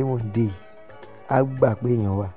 tí mò ń dé yìí á gbà pé èèyàn wà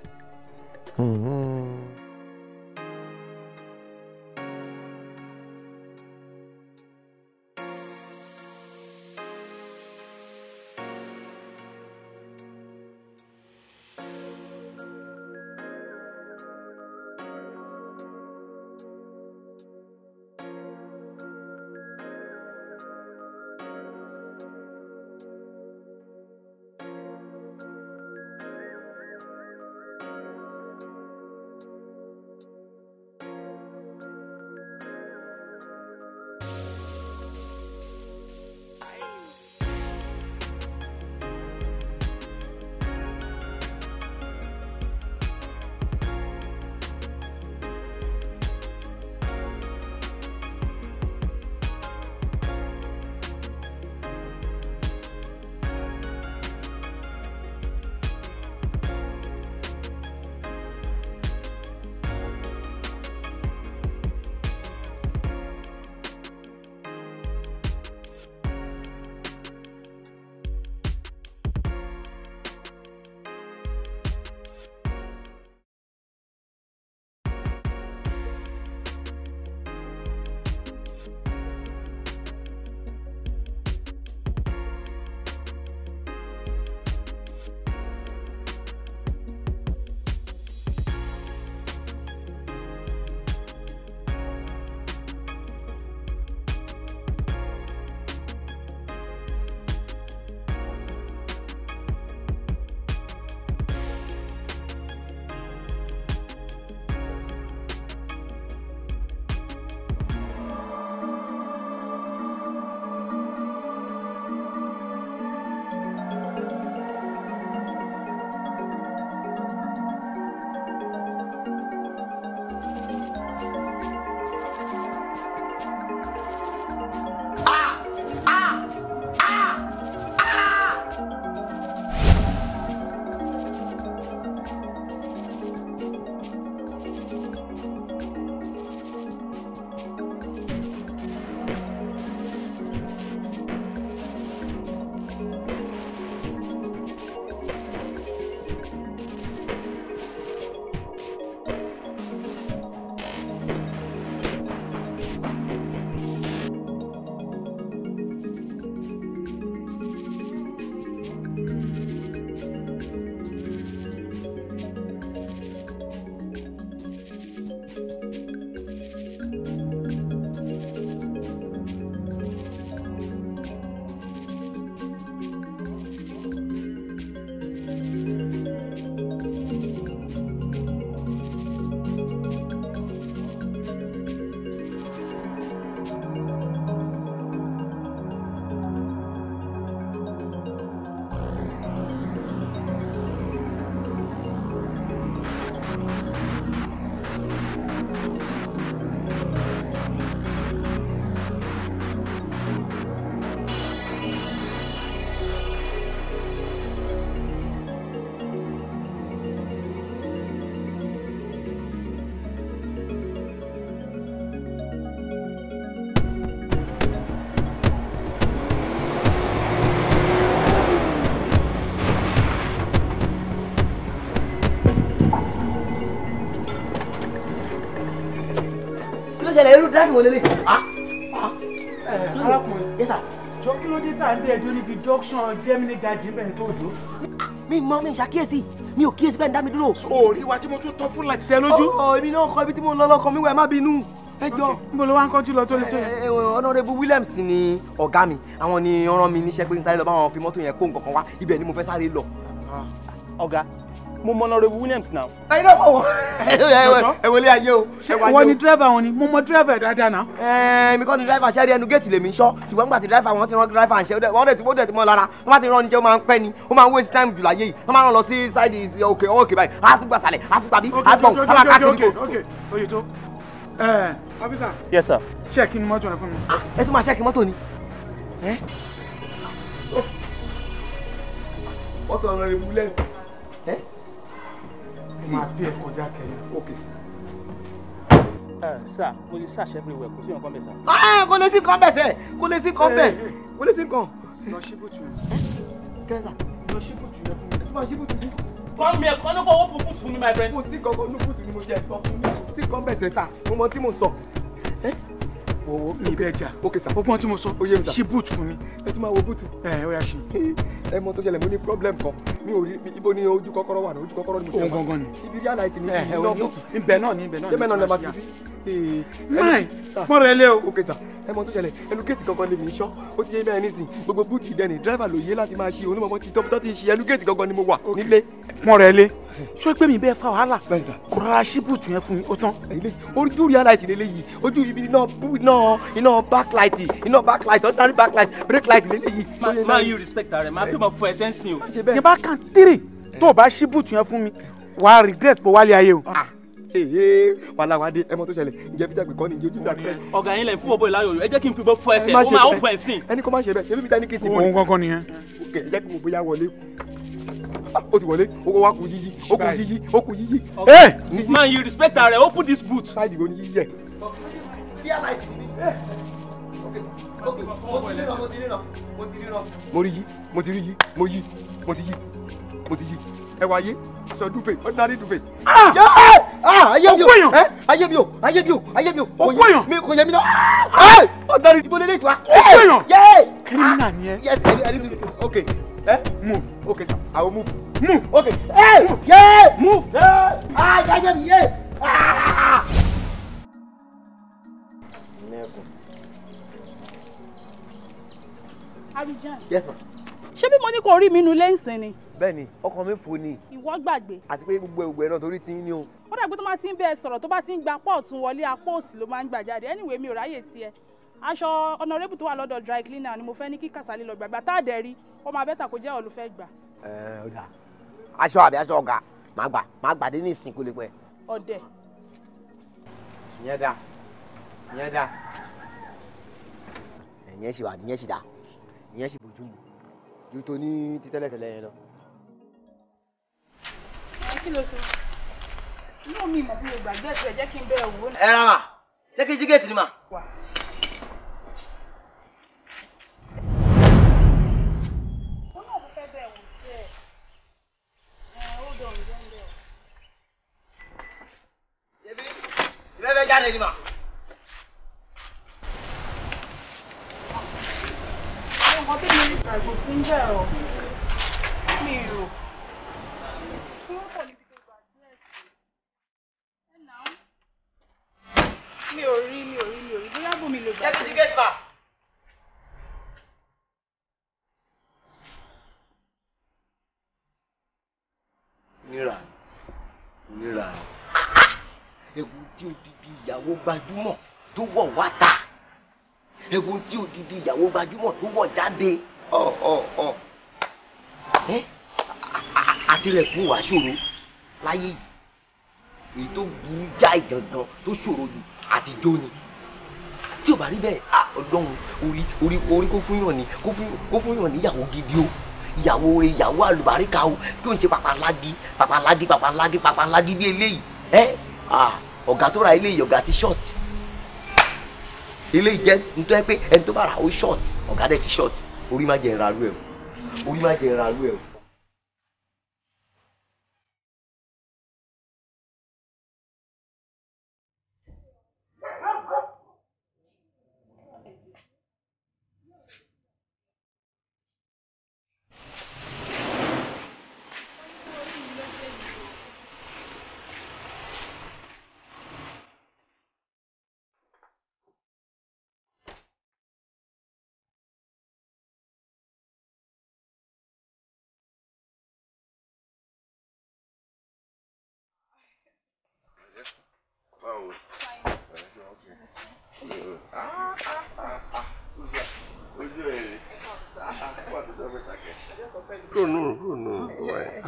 dáàbì wọlé lé. Ah, ah. Eh, arákùnrin yẹ́sà. jọ kí ló dé tá à ń bẹ ẹjọ́ níbi junction Germany garden bẹ́ẹ̀ tó dùn. mi mọ mi ṣàkíyèsí mi ò kíyèsí bẹ́ẹ̀ ń dá mi dúró. òòrì wa tí mo tún tọ́ fún láti ṣe lójú. ọ̀ oh, oh, èmi náà kọ ibi tí mo ń lọ lọ́kọ mi wẹ̀ má bínú ẹjọ níbo ló wá ń kọjú lọ tó lè tó yẹ. ọ̀nàrẹ́bù eh, eh, Williams ni ọ̀gá mi àwọn ni ọ̀ràn mi níṣẹ́ pé ń sáré lọ bá wọn fi mọ́tò yẹn kó nǹkan kan wá ibẹ̀ ni mo fẹ́ sáré lọ. Ah. ọ̀gá mo mọ ọ̀nàrẹ́bù Williams náà. ẹyin náà wọ ẹ wọlé ayé o. wọ́n ní dírẹ́fà wọn ni mo mọ dírẹ́fà dáadáa náà. ẹ̀ẹ́n mi kọ́ ni dírẹ́fà ṣẹ́ẹ́rì ẹnu géètì lèmi ń ṣọ́ ṣùgbọ́n nígbà tí dírẹ́fà wọn ti rán dírẹ́fà ń ṣe wọ́n dẹ̀ ti wọ́n dẹ̀ ti mọ́ lára wọ́n bá ti rán níṣẹ́ ó máa ń pẹ́ ni ó máa ń waste time jùlọ ayé yìí wọ́n máa ń lọ sí side òkè òkè báyìí á tún gbàsàlẹ̀ á tún tàbí á tún ọ̀hún á máa káàkiri kò. officer. yes sir. ṣẹ́ẹ̀kì ni mọ́tò rẹ fún mi. Ah, ẹ tún máa ṣẹ́ẹ̀kì mọ́tò ni máa bí sir. ẹ search everywhere kò ah, sí nǹkan bẹ́ẹ̀ sir. kò lè sí nǹkan bẹ́ẹ̀ sẹ́ eh, eh. kò lè sí nǹkan bẹ́ẹ̀ sí nǹkan. Eh? lọ kẹsà lọ ṣíbùtù yẹn fún mi. ẹ tún máa kọ́ mi ẹ̀ kọ́ ló kọ́ wọ́pọ̀ bùtù fún mi my friend. kò sí kankan ní bùtù ni mo jẹ ẹ̀fọ́ fún mi sí nǹkan bẹ́ẹ̀ sà mo mọ tí mo sọ wo ibẹ jà ok sa ọgbọ́n tí mo sọ ṣe búùtù fún mi ẹ tún máa wo búùtù ẹ ó yà ṣe ẹ mọ tó ṣẹlẹ̀ mo ní problem kan mi ò rí ibo ni ojú kọ́kọ́rọ́ wà ní ojú kọ́kọ́rọ́ ni mo ti wà. òun gangan ni. ibi rí àlàyé ti ní ibi náà kùtù. ibẹ̀ náà ni ibẹ̀ náà ni. ṣé bẹ́ẹ̀ náà ni ẹ máa ti fi sí máì mọ rẹ lé o. ok sà ẹ mọ tó ṣẹlẹ̀ ẹlùkẹ́tì kankan lèmi sọ ó ti yé bẹ́ẹ̀ nísìn gbogbo búùkì ìdẹ́ni dírẹ́fà ló yé láti máa ṣe onímọ̀mọ́ ti tọ́pútọ́ ti ṣe ẹlùkẹ́tì kankan ni mo wà nílé. mọ rẹ lé sọ pé mi bẹ́ẹ̀ fa wàhálà kò rárá sí búùtù yẹn fún mi ó tán. ojú rí aláìsí lélẹ́ yìí ojú ibi iná iná iná backlight iná backlight ordinary backlight brake light lélẹ́ yìí. máa yí respect rẹ máa fẹ́ mọ̀ fún ẹsẹ̀ ń sìn o. tí bá kàn tírì tó o bá sí búùtù yẹn fún mi wàá regret pé wálé ayé o. Ah wàhálà wàdí ẹ mọ tó ṣẹlẹ̀ ǹjẹ́ peter pé kọ́ ni ìjẹ́jú dàgbẹ́. ọ̀gá yín lẹ̀ ń fún bọ́ọ̀ láyò ẹ jẹ́ kí n fi bọ́ fún ẹsẹ̀ ó máa ó fún ẹ̀sìn. ẹni kò má ṣe bẹ́ẹ̀ ṣe bí peter ní kí n ti bọ̀. òun kọ́kọ́ nìyẹn. ok ẹ jẹ́ kí mo bóyá wọlé o ah, ti wọlé o wa kun yíyí o kun yíyí o kun yíyí. Eh! man you respect her eh? open this boot. sáyidì wo ni yíyí yẹ. mo rí yí mo ti rí yí mo yí mo ti yí mo ti yí ẹ wá yé sọ dúfè ordinary dúfè. Ah! Ah, ayé mi o ayé mi o ayé mi o ayé mi o kò yẹ mi kò yẹ mi náà ordinary ah! ibo lele tiwa. o kòyàn kírímìnà ni ẹ. yes ẹ ẹ ok ẹ move ok sir i will move. move ok ẹ yẹ move ẹ ayé mi yẹ. Abidjan. Yes, ma'am ṣé bí mo ní kò rí mi nu lẹ́ǹsìn ni. bẹ́ẹ̀ni ọkàn mi fò ni. ìwọ gbàgbé. àti pé gbogbo ẹgbẹ náà torí ti ń ní o. ó dàgbé tó máa ti ń bẹ ẹ sọ̀rọ̀ tó bá ti ń gba pọ́ọ̀tún wọlé apá òsì ló máa ń gbà jáde anyway mi ò ráyè tiẹ̀ aṣọ honorable tó wà lọ́dọ̀ dry cleaner ni mo fẹ́ ní kí Kàsálí lọ gbàgbà tá a dẹ̀ rí ó máa bẹ́tà kó jẹ́ olùfẹ́ gbà. ẹ ẹ ọ̀dà aṣọ àbí aṣọ ọ̀gá máa gbà máa gbà dé ní ìsìnkú lè pẹ́. ọ̀dẹ̀. ìyẹn dá dá ìyẹn ṣì bójú mu ju tó ní ti tẹ́lẹ̀tẹ́lẹ̀ yẹn lọ. kí ló sọ inú mi mọ̀ bí mo gbàgbé ẹ̀sẹ̀ jẹ́ kí n bẹ̀rẹ̀ wò ó. ẹ ra mà jẹ́ kí n jí géètì ni mà. Ìbẹ́fẹ́ jáde ni mà. nǹkan tí mi àgbò sí ń bẹ̀ ọ́ mi rò. mi ò rí mi ò rí mi ò rí bóyá bùnmi ló gbà. jẹ́bi ti gé nira nira ewu tí odidi ìyàwó gbajúmọ̀ tó wọ̀ wá ta ewu tí òdìdí ìyàwó gbajúmọ̀ tó wọ̀ jáde ọ̀ ọ̀ ọ̀ àtìlẹ̀kùn wà ṣòro láyé yìí èyí tó burú jáì gangan tó ṣòro jù àtijọ́ ni tí ò bá rí bẹ́ẹ̀ ọlọ́run orí orí orí kó fún yàn ní kó fún yàn níyàwó gidi o ìyàwó ìyàwó àlùbáríkà o kí òun ṣe pàpàlági pàpàlági pàpàlági pàpàlági bí eléyìí ẹ ọ̀gá tó ra eléyìí ọ̀gá ti ṣọ́ọ̀tì ilé ìjẹ́ nítorí pé ẹni tó bá ra ó ṣọ́ọ̀tì ọ̀gá dẹ̀ ti ṣọ́ọ̀tì orí má jẹ́ ìrarú ẹ̀ orí má jẹ́ ìrarú ẹ̀ o.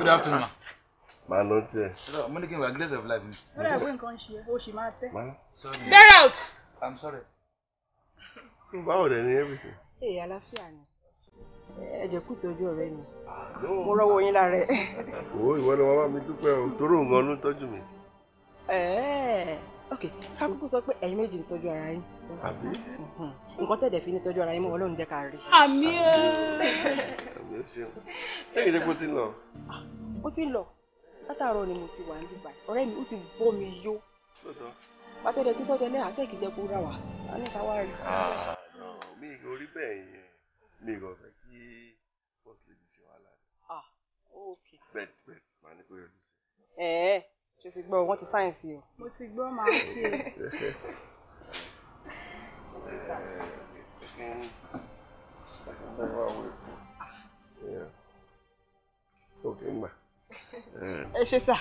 good afternoon ma. màá lọ tẹ. mo ní kí n wá grace of life mi. ó dà pé nǹkan ṣe o ṣì máa tẹ. get out. i'm sorry. so báwo dẹ̀ ni everything. ee àlàáfíà ni ẹ jẹ́ kú ìtọ́jú ọ̀rẹ́ mi mo rọ́wọ́ yín lára ẹ. o ìwọ ni wọn bá mi dúpẹ́ o torí òun gan ló ń tọ́jú mi. ẹ̀ẹ́ ok kákúkú sọ pé ẹ̀yin méjì ń tọ́jú ara yín. àbí. Mhm. nǹkan tẹ̀dẹ̀ fi ní tọ́jú ara yín mọ́ ọlọ́run jẹ́ ká rí. àmì ẹ̀. àmì ẹ̀ ṣeun lẹ́yìn tí mo ti lọ. Ah, ó ti lọ látàárọ̀ ni mo ti wà níbí báyìí ọ̀rẹ́ mi ó ti bọ́ mi yó. pàtẹ́lẹ̀ tí sọ́jọ́ lẹ́yìn àtẹ́kì jẹ́ kó rà wá a ní ká wá rí. Ah, mi ò rí bẹ́ẹ̀ yẹn mi ò fẹ́ kí bọ́ọ̀sì lè di ṣe wàhálà. Ah, bẹ́ẹ̀ bẹ́ẹ̀ màá ní kó yọjú sí. ẹ̀ẹ́ ṣe ti gbọ́ wọ́n ti sáyẹ̀nsì o. mo ti gbọ́ máa ṣe. òkè mà. ẹ ṣe sà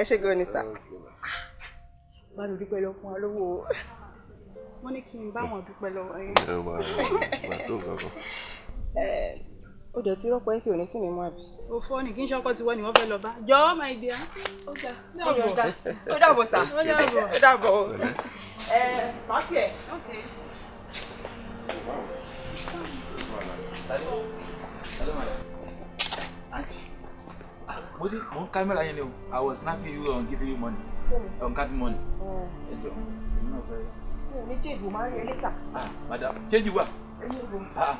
ẹ ṣe gan ni sà. bá mi dúpẹ́ lọ fún wa lówó o wọ́n ní kí n bá wọn dúpẹ́ lọ́wọ́ yín. ẹ wà á tó nǹkan kan ó dẹ̀ ti rọ́pò ẹ̀ tí ò ní sí mi mọ́ àbí. òfò ni kì í ṣọkọ tiwọn ni wọn fẹ́ lọ bá jọ ọmọ ìdí ó dàbọ̀ sà ó dàbọ̀ ẹ pàápì ẹ. Auntie, ah, mo ti mo ń kámẹ́rà yẹn ni o, I was snapping you and giving you money, um, card money. Oh. Ẹ jọ, èmi náà fẹ́. Mi ò ní jẹ́ ìbò máa ń rí ẹ lẹ́tà. Ah, madam, change wa. Ah,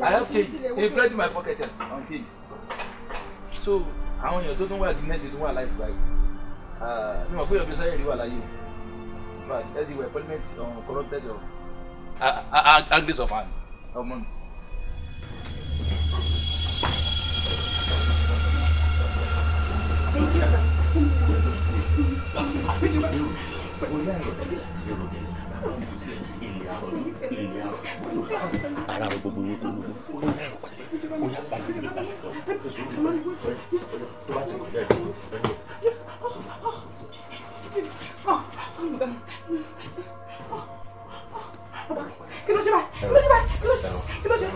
I have change in plenty my pocket until so how you don't know wà ní nẹ́ẹ̀sì tó wà láìpẹ́ báyìí ní wọn pé ọ̀gbìn sáyẹ̀ rí wà láyé but ẹ̀dí wẹ̀ parliament on um, corrupted of I of hand ọmọ nù. Thank you, sir ara gbogbo yẹn kò ní yà pàdé ó yà pàdé ní pàdé sọ tó bá ti kọjá ìlú ẹgbẹ. kí ló ṣe báyìí kí ló ṣe báyìí kí ló ṣe kí ló ṣe.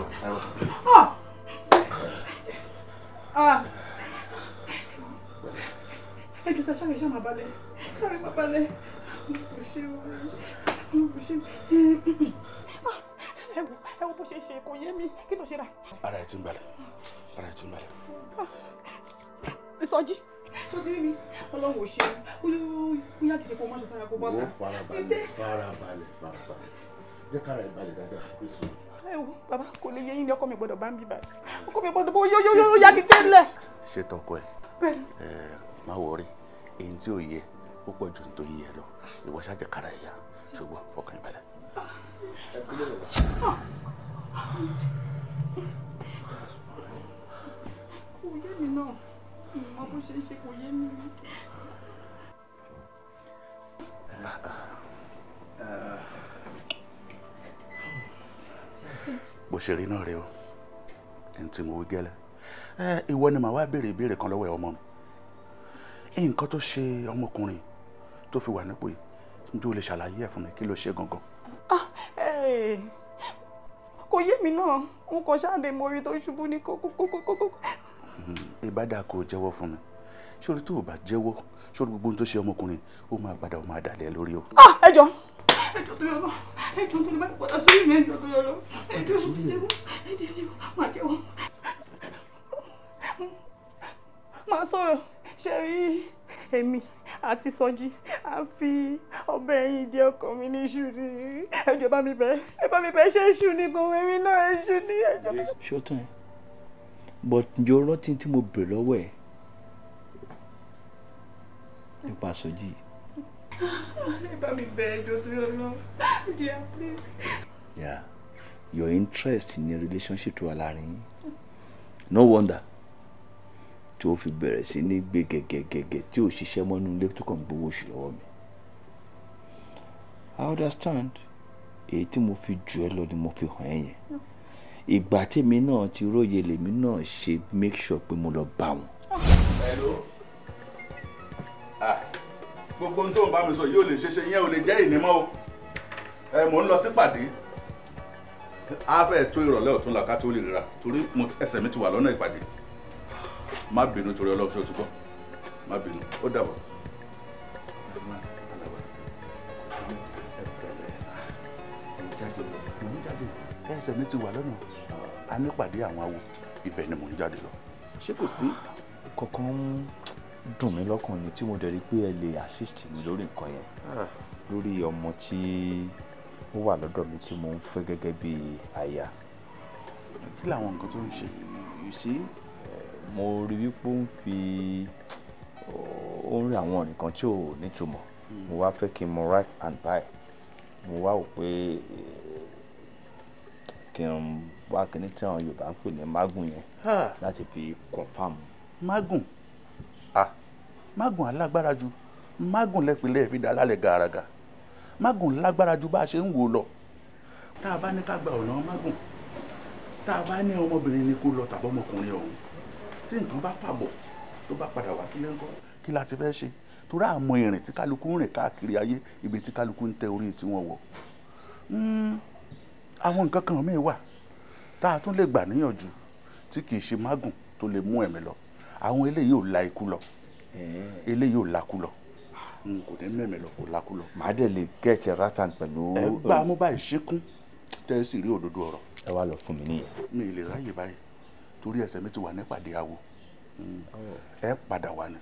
ẹ jù sá ṣàlẹ̀ ṣàmà balẹ̀ ṣàlẹ̀ má balẹ̀ kò ṣe o. Ah, ẹ wo ẹ wo bó ṣe ṣe kò yé mi kí ló ṣe rà. ara ẹ ti ń balẹ̀ ara ẹ ti ń balẹ̀. Ah, ìsọjí tó ti rí mi ọlọ́run ò ṣe kúnyà dìde kó má ṣe sára kó bá ta. wọ́n farabalẹ̀ farabalẹ̀ farabalẹ̀ jẹ́ kára ẹ̀ balẹ̀ dáadáa kí sùn ẹ wo bàbá kò lè yẹ yín ní ọkọ mi gbọ́dọ̀ bá ń bí báyìí ọkọ mi gbọ́dọ̀ bó yó yó wọrí èyí tí ò yẹ ó pọ̀ ju yẹ lọ ìwọ ṣàjẹkára ìyá ṣùgbọ́n fọkàn yín balẹ̀. kò yé mi náà mo bó ṣe ń ṣe kò yé mi. bó ṣe rí náà rèé o ẹni tí mo wí gẹ́lẹ́ ìwọ ni màá wá béèrè ìbéèrè kan lọ́wọ́ ẹ̀ ọmọ mi nǹkan tó ṣe ọmọkùnrin tó fi wà nípò yìí njó lè ṣàlàyé ẹ̀ fún mi kí ló ṣe gangan. Ah, eh, kò yé mi náà n kò ṣáàdé mo rí tó ṣubú ní kókókókókó. ìbádà kò jẹ́wọ́ fún mi ṣórí tó o bá jẹ́wọ́ ṣórí gbogbo ohun tó ṣe ọmọkùnrin ó máa padà ó máa dàlẹ́ lórí o. Ah, ẹ jọ ẹjọ tó yọ lọ ẹjọ tó lè má padà sórí mi ẹjọ tó yọ lọ ẹjọ tó lè wọ ẹjọ lè wọ má jẹ́wọ́ má sọ̀rọ̀ ṣe rí èmi àti sọjí a fi ọbẹ̀ yìí jẹ ọkàn mi ní ṣù ẹjọ́ bá mi bẹ̀ ẹ bá mi bẹ̀ ṣe ṣù ni kò wẹ́mí náà ẹ ṣù ni ẹjọ́. ṣótún ẹ but ǹjọ́ rántí tí mo bèrè lọ́wọ́ ẹ̀ nípa sọjí. ẹ bá mi bẹ̀ ẹjọ́ tó yọ lọ dear please. yeah your interest in a relationship to wà no wonder tí ó fi bẹ̀rẹ̀ sí ní gbé gẹ̀gẹ̀gẹ̀gẹ̀ tí ò ṣiṣẹ́ mọ́nú ilé tó kàn gbowó oṣù lọ́wọ́ mi. I understand èyí tí mo fi jù ẹ lọ ni mo fi hàn ẹ yẹn ìgbà tèmi náà ti róye lèmi náà ṣe make sure pé mo lọ bá wọn. hello ah gbogbo ohun tó ń bá mi sọ yìí ò lè ṣeéṣe yẹn ò lè jẹ́ ìnímọ́ o ẹ mò ń lọ sípàdé a fẹ́ tó ìrọ̀lẹ́ ọ̀tún la ká tó lè rà torí ẹsẹ̀ mi ti wà lọ́nà ìpàdé má bínú torí ọlọ́ọ̀ṣọ́ ti kọ́ má bínú ó dàbọ̀. ẹsẹ̀ mi ti wà lọ́nà a ní pàdé àwọn awo ibẹ̀ ni mò ń jáde lọ ṣé kò sí. kankan dùn mí lọ́kàn ni tí mo dẹ̀ pé ẹ lè assist mi lórí nǹkan yẹn ah. lórí ọmọ tí ó wà lọ́dọ̀ mi tí mo ń fẹ́ gẹ́gẹ́ bí aya. kí làwọn nǹkan tó ń ṣe yìí sí mo rí wípé ń fi ó ń rí àwọn nǹkan tí ò nítumọ̀ mo wá fẹ́ kí n mọ right and buy mo wá wò pé kí n wá kíní tí àwọn Yorùbá ń pè ní magun yẹn láti fi confam. magun ah magun alágbára ju magun lẹ́pìnlẹ̀ fi dá lálẹ́ gàràgà magun lágbára ju bá a ṣe ń wò lọ tá a bá ní ká gba ọ̀nà magun tá a bá ní ọmọbìnrin ni kó lọ tàbí ọmọkùnrin ọ̀hún tí nǹkan bá fàbọ̀ tó bá padà wá sílé ńkọ́ kí la ti fẹ́ ṣe torí àmọ́ ìrìn tí kálukú ń rìn káàkiri ayé ibi tí kálukú ń tẹ orí tiwọn wọ̀ hmm, àwọn nǹkan kan míì wà tá a tún lè gbà níyànjú tí kì í ṣe mágùn tó lè mú ẹ̀mí lọ àwọn eléyìí ò la ikú lọ eléyìí ò lakú lọ kò ní ah, mẹ́mẹ́ lọ kò lakú lọ. màá dẹ̀ lè gẹ̀ẹ́tì ratan pẹ̀lú. ẹ gbà mú báyìí ṣíkún tẹ́ sì rí òdodo ọ̀rọ̀. ẹ wá lọ fún mi nìyẹn. mi ì lè ráyè báyìí torí ẹsẹ̀ mi ti wà nípàdé awo hmm. oh. ẹ padà wá ni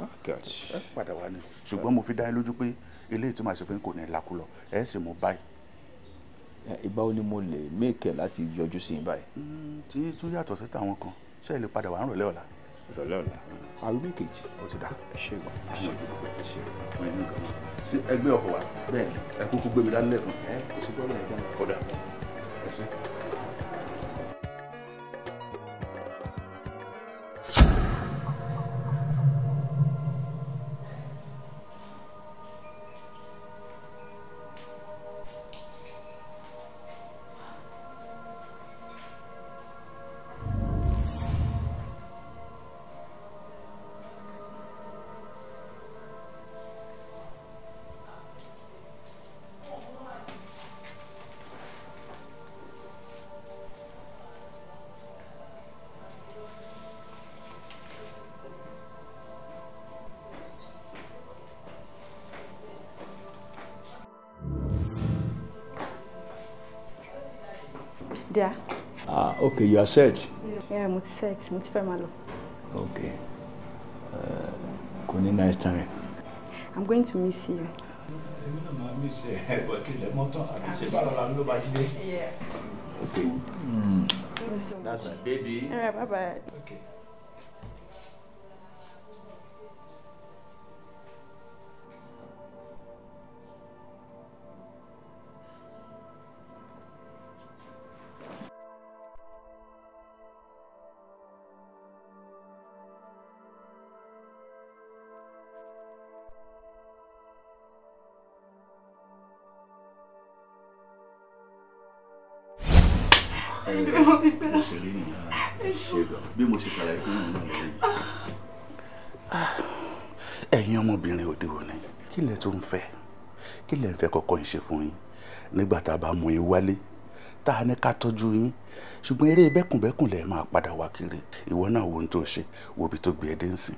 ah, ẹ padà wá ni ṣùgbọ́n mo fi dá yín lójú pé eléyìí tí màá ṣe fún yín kò ní lakú lọ ẹ sì mú báyìí. Eh, ìgbà wo ni mo lè mẹ́kẹ̀ láti yọjú sí i báyìí. Hmm, tí tún yàtọ̀ sí tàwọn kan ṣé ẹ lè padà wá ń rọ̀lẹ́ ọ̀la. rọ̀lẹ́ ọ̀la hmm. àrùn méjèèjì. ó ti dà ẹ ṣe ìgbà ẹ ṣe ìgbà ẹ ṣe ìgbà ẹgbẹ́ ọkọ̀ wa bẹ́ẹ̀ ẹ kúkú gbé mi dání lẹ́kùn. ẹ kò sí gbọ́dọ̀ ẹ̀ you are set. yeah mo ti set mo ti fẹ́ okay eh, kò ní nice time. i'm going to miss you. okay. Mm. That's my baby. All bye bye. Okay. bí mo ṣe ṣàlàyé fún ìrìn náà lẹ́yìn. ẹ̀yin ọmọbìnrin òde òní kí lẹ tún ń fẹ́ kí lẹ ń fẹ́ kọ́kọ́ ń ṣe fún yín nígbà tá a bá mú yín wálé tá a ní ká tọ́jú yín ṣùgbọ́n eré bẹ́kùnbẹ́kùn lẹ máa padà wá kiri ìwọ náà wo ohun tó ṣe wo ibi tó gbé ẹ e dé ń sìn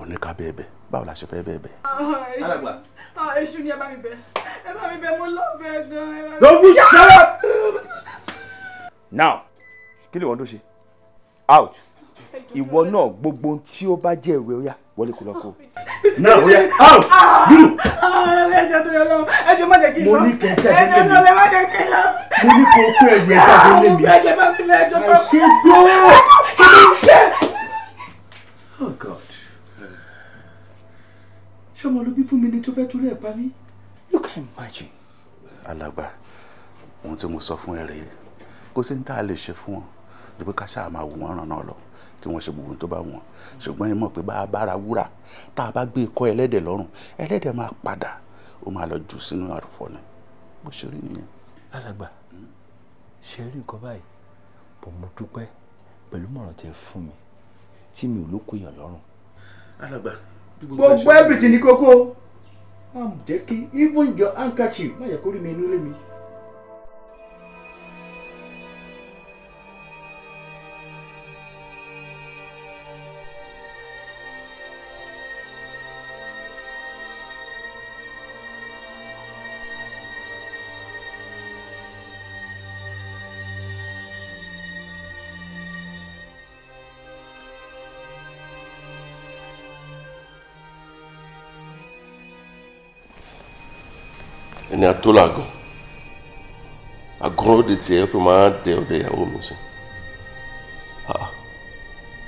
oníkà bẹ́ẹ̀ bẹ́ẹ̀ báwo la ṣe fẹ́ bẹ́ẹ̀ bẹ́ẹ̀. alàgbà ah, ah, ni ẹ bá mi bẹ ẹ bá mi bẹ mo lọ bẹ gan. lọ bú sára now kí lè wọ́n tó ṣe out ìwọ náà gbogbo tí ó bá jẹ́ ìwé ọ̀yà wọlé kó lọ kó. náà ó yẹ out dúró. ẹjọ tó yẹ lọ ẹjọ má jẹ kí n lọ mo ní kẹ ẹjọ tó lè má jẹ kí n lọ. mo ní kó kó ẹgbẹ ẹjọ tó lè mí. ẹjọ má fi lọ ẹjọ tó. ṣé dúró. kí ló oh god ṣé ọmọ ló bí fún mi ni tó fẹ́ torí ẹ̀ pa you can imagine. alàgbà ohun tí mo sọ fún ẹ rèé kó sí ní tá a lè ṣe fún wọn ju pé ká ṣáà máa wò wọ́n ràn lọ kí wọ́n ṣe gbogbo tó bá wọn ṣùgbọ́n ẹ mọ̀ pé bá a bára wúrà tá a bá gbé ikọ́ ẹlẹ́dẹ̀ lọ́rùn ẹlẹ́dẹ̀ máa padà ó máa lọ jù sínú àrùfọ́ ni bó ṣe rí nìyẹn. alàgbà hmm. ṣe rí nǹkan báyìí bò mo dúpẹ́ pẹ̀lú mọ̀ràn tẹ fún mi tí mi ò ló kó yàn lọ́rùn. alàgbà gbogbo ẹbìtì ní kókó má jẹ́ kí even your handkerchief má yẹ kó rí mi inú lé mi. ẹni àtó làgàn àgàn òde tiẹ̀ tó máa dẹ ọ̀dẹ ìyàwó mi sí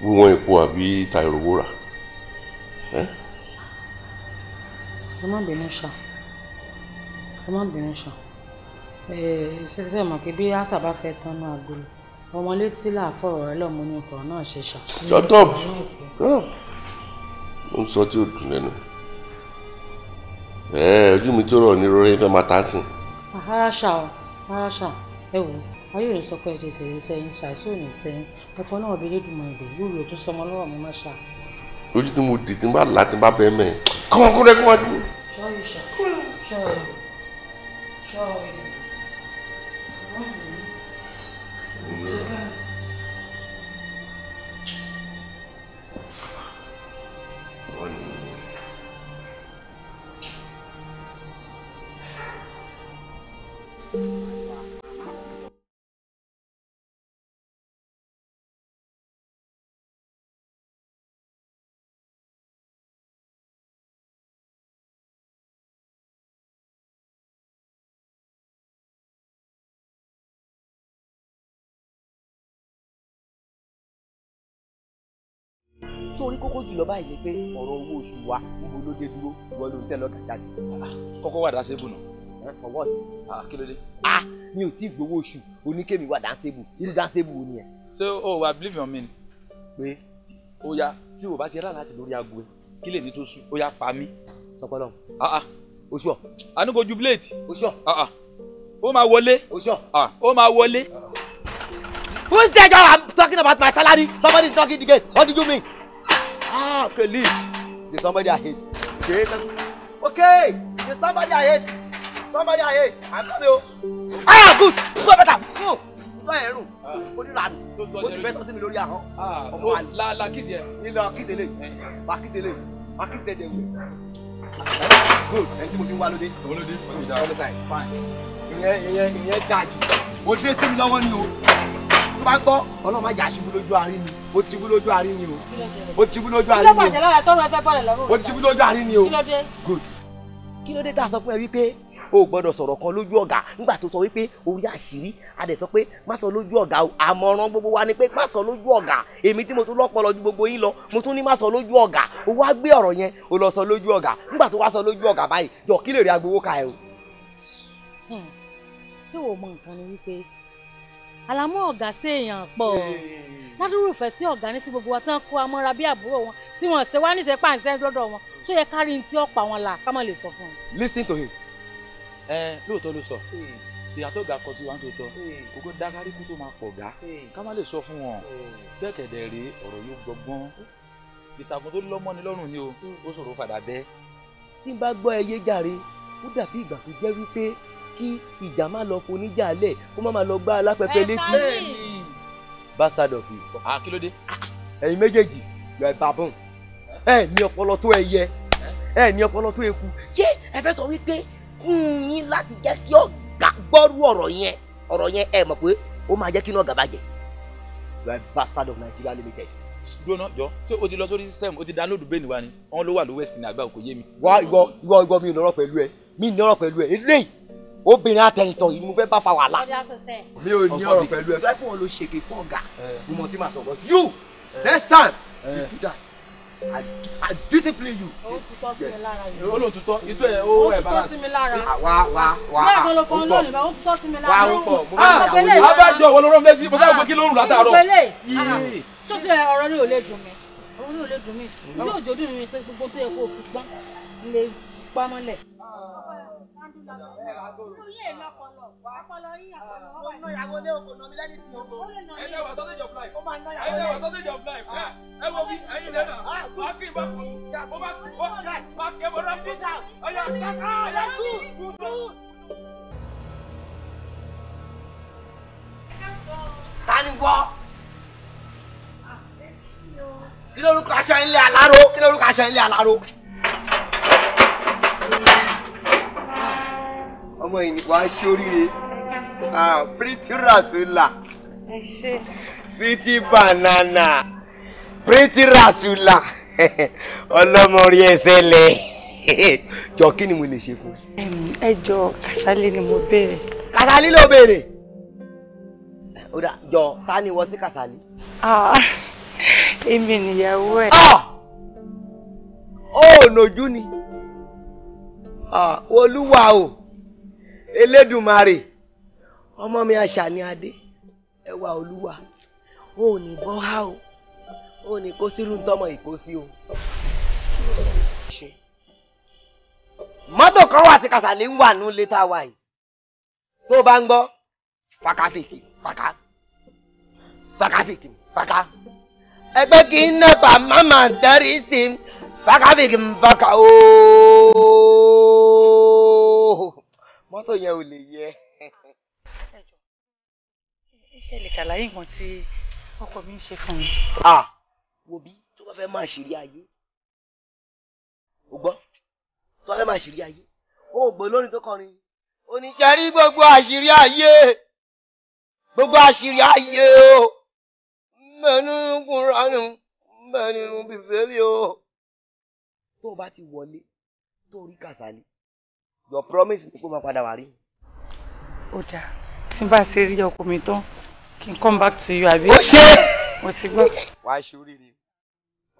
wíwọ́n epo àbí ta ìrówó rà. ẹ má bínú ṣá ẹ má bínú ṣá ẹ ṣe mọ̀ kí bí àṣà bá fẹ́ tán náà gbòòrò ọmọ létí là fọ̀rọ̀ rẹ lọ́mọ ní ọkọ̀ náà ṣe ṣá. shut up ń sọ tí ò dùn lẹ́nu ojú mi tó rọ̀ ní rọrí fẹ́ máa tásìn. rárá ṣá o rárá ṣá ẹ wò ó ayé òní sọ pé ẹ ti ṣèlè sẹ́yìn ṣàìsí òní sẹ́yìn ẹ̀fọ́ náà bí lédùnmọ̀ ìbò yóò lò tó sọmọ lọ́wọ́ mi má ṣá. ojú tí mo dì tí n bá là tí n bá bẹ mẹ kọ́ńkúrẹ́ kó wá dúró. sọ́ọ̀rì ṣá sórí kókó jùlọ báyìí ni pé ọ̀rọ̀ owó oṣù wa gbogbo ló dé dúró ìwọ ló ń tẹ́ lọ́kà jáde. kọ́kọ́ wà dáṣẹ́bù náà. for what. Ah, kí ló dé. a mi ò tí ì gbowó oṣù oníkémi wà dáṣẹ́bù irú dáṣẹ́bù wo ni ẹ. ṣé o wà believe on me. pé ó yá tí o bá ti rà láti lórí aago ẹ kí lè ní tó sùn ó yá pa mí. sọpọlọ. Ah, ah. oṣù ọ. àníkò jubilate. oṣù ọ. ó máa wọlé. oṣù ọ. ó máa wọlé. is there? I'm talking about my salary. Somebody's knocking the gate. What do you mean? Ah, colleague. There's somebody I hate. Okay. Okay. There's somebody I hate. Somebody I hate. I'm coming. Ah, good. Go better. Go. Lọ ẹ̀rù, ó ní lànà, ó ti bẹ́tọ̀ sí mi lórí ahọ́n. Ọmọ àlè. La la kìsì ẹ. Ilé akíse lè, ma kìsì lè, ma kìsì dẹ̀dẹ̀ wù. Good, ẹni tí mo fi ń wá lóde. Olóde, olóde. Olóde sáyé. Fine. Ìyẹn ìyẹn ìyẹn dáa jù. Mo dé sí mi lọ́wọ́ one, o bá gbọ́ ọlọ́run má jà ṣubú lójú àárín mi ó ti wú lójú àárín mi o ó ti wú lójú àárín mi o kí ló bàjẹ́ lára tọ́rọ ẹgbẹ́ bọ́ọ̀lù lọ́rùn ó ti wú lójú àárín mi o good. kí ló dé tá a sọ fún ẹ wípé o ò gbọ́dọ̀ kan lójú ọ̀gá nígbà tó sọ wípé orí àṣírí a dẹ̀ sọ pé má sọ lójú ọ̀gá o àmọ̀ràn gbogbo wa ni pé má sọ lójú ọ̀gá èmi tí mo tún lọ́pọlọ ju gbogbo yín lọ mo tún ní má sọ lójú ọ̀gá o wá gbé ọ̀rọ̀ yẹn o lọ sọ lójú ọ̀gá nígbà tó wá sọ lójú ọ̀gá báyìí jọ kí lè rí agbowó ka ẹ o. Hmm. ṣé o mọ nǹkan ni wípé àlámọ́ ọ̀gá sí èèyàn pọ̀ ládùrúfẹ́ tí ọ̀gá ní sí gbogbo wa tán kó amọ́ra bí àbúrò wọn tí wọ́n ṣe wá níṣẹ́ pàǹṣẹ́ lọ́dọ̀ wọn tó yẹ ká ní tí ọ̀pá wọn là ká lè sọ fún un. listen to him. ẹ lóòótọ́ ló sọ ìyá tó ga kọtí wa ń tòótọ́ gbogbo dákárí kú tó máa pọ̀ gá ká má lè sọ fún wọn bẹ́ẹ̀ kẹ̀dẹ̀ rèé ọ̀rọ̀ yóò gbọgbọ́n ìtàkùn tó lọ́mọ́ ni lọ́rùn ni o hmm. ó ṣòro fàdà bẹ́ẹ̀. tí n bá gbọ́ ẹyé jàre ó dàbí ìgbà tó jẹ́ wípé kí ìjà má lọ fún oníjà lẹ̀ kó má máa lọ gbá alápẹ̀pẹ̀ létí. bastard of you. àkìlódé. Ah, ẹ̀yin méjèèjì yọ ẹ̀ bàbọ̀n ẹ̀ ní ọpọlọ tó ẹyẹ ẹ̀ ní ọpọlọ tó eku ṣé ẹ fẹ́ sọ wípé fún yín láti jẹ́ kí ọ̀gá gbọ́rú ọ̀rọ̀ yẹn ọ̀rọ̀ yẹn ẹ mọ̀ pé ó máa jẹ́ kí inú ọ̀gá bàjẹ́ you bastard of Nigeria limited gbóná jọ ṣé o ti lọ sórí system o ti download bẹ́ẹ̀ni wa ni wọn ló wà ló west ní àgbà kò yé mi. wá ìwọ ìwọ mi ò lọ́rọ̀ pẹ̀lú ẹ mi ò lọ́rọ̀ pẹ̀lú ẹ eléyìí obìnrin àtẹ̀yìntọ̀ yìí mo fẹ́ bá fa wàhálà. mi ò ní ọ̀rọ̀ pẹ̀lú ẹ̀ fẹ́ẹ́ ló ṣèké fún ọ̀gá eh. mo mọ̀ tí màá sọ̀rọ̀ you next time you eh. do that I, I discipline you. o ah, tutọ́ sí mi lára yìí. o lò tutọ́ itọ́ ẹ̀ o ẹ̀ balance. o tutọ́ sí mi lára. wa wa wa bẹ́ẹ̀ kan ló fọ olóòlù bá o tutọ́ sí mi lára. wa o pọ̀ mo bá yà wọlé. a bá jọ wọlé ọlọ́run létí mo sábà ah, pé kí ló ń rù látàárọ̀. ìgbẹ́lẹ̀ tó ọ̀rọ̀ ní ò lè dùn mí ọ̀rọ̀ ní ò lè dùn mí tí òjò dùn pé gbogbo tó yẹ kó o fi gbọ́n lè pamọ́lẹ̀. Tani gbọ́? Kí lórúkọ aṣọ ilé aláró? Kí lórúkọ aṣọ ilé aláró? ọmọ yìí wàá ṣoríire pretty rasula city banana pretty rasula ọlọ́mọ rí ẹsẹ̀ lẹ̀ jọ kí ni mo lè ṣe fún. ẹ jọ Kàsálí ni mo béèrè. Kàsálí ló béèrè. ó dà jọ ta ni wọ sí Kàsálí. èmi nìyàwó ẹ. ó nojú ni olúwa o. Oh, elédùnmarè ọmọ mi àṣàní adé ẹwà olúwa ò ní bọ́ há o ò ní kó sírú tọmọ ìkósí o. mọ́tò kan wà tí Kàsálí ń wà ní létà wa yìí tó bá ń gbọ́ pàkàfìkì pàkà pàkàfìkì pàkà ẹgbẹ́ kì í nàbà mọ́mọ́ dẹ́rì sí pàkàfìkì pàkà ooo mọ́tò yẹn ò lè yẹ. iṣẹ́ lè ṣàlàyé nǹkan tí ọkọ mi ń ṣe fún mi. a wo bí tó bá fẹ́ máa ṣèrí ayé o gbọ́ tó bá fẹ́ máa ṣèrí ayé o ò gbọ́ lónìí tó kọrin oníjàrí gbogbo àṣírí ayé gbogbo àṣírí ayé o mẹ́nu kúránù mẹ́nu bíbélì o tó o bá ti wọlé tó o rí kàsálí your promise kó máa padà wá rí. ó dáa tí n bá ti rí ọkọ mi tán kí come back to you àbí. ó ṣe mo ti gbọ́. wàá ṣoríire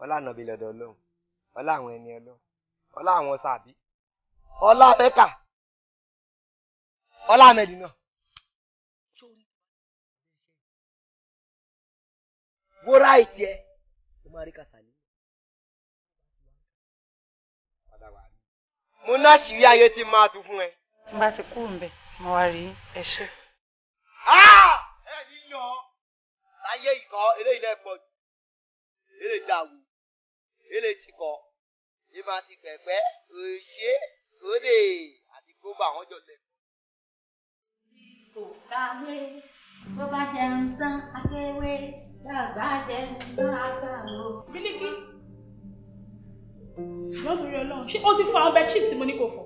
ọlá ànàbí lọ́dọ̀ ọlọ́run ọlá àwọn ẹni ọlọ́run ọlá àwọn sàbí ọlá mẹ́kà ọlá mẹ́dínà. wúrà ìtì ẹ ó máa rí kàsálí. mo ná àṣírí ayé tí máa tú fún ẹ. tí bá ti kú ńbẹ mo wá rí ẹ ṣe. ẹ nílò láyé ìkọ eléyìí náà pọ̀ jù eléyìí dàwù eléyìí ti kọ yìí máa ti pẹpẹ òṣè òde àti gbogbo àwọn jọ lẹ. kò kàwé bó bá jẹun tán akéwé bàbá jẹun tán àgbà lọ. bílíkì ìjọ́ torí ọlọ́run ṣé o ti fọ àwọn bed sheet tí mo ní kò fọ.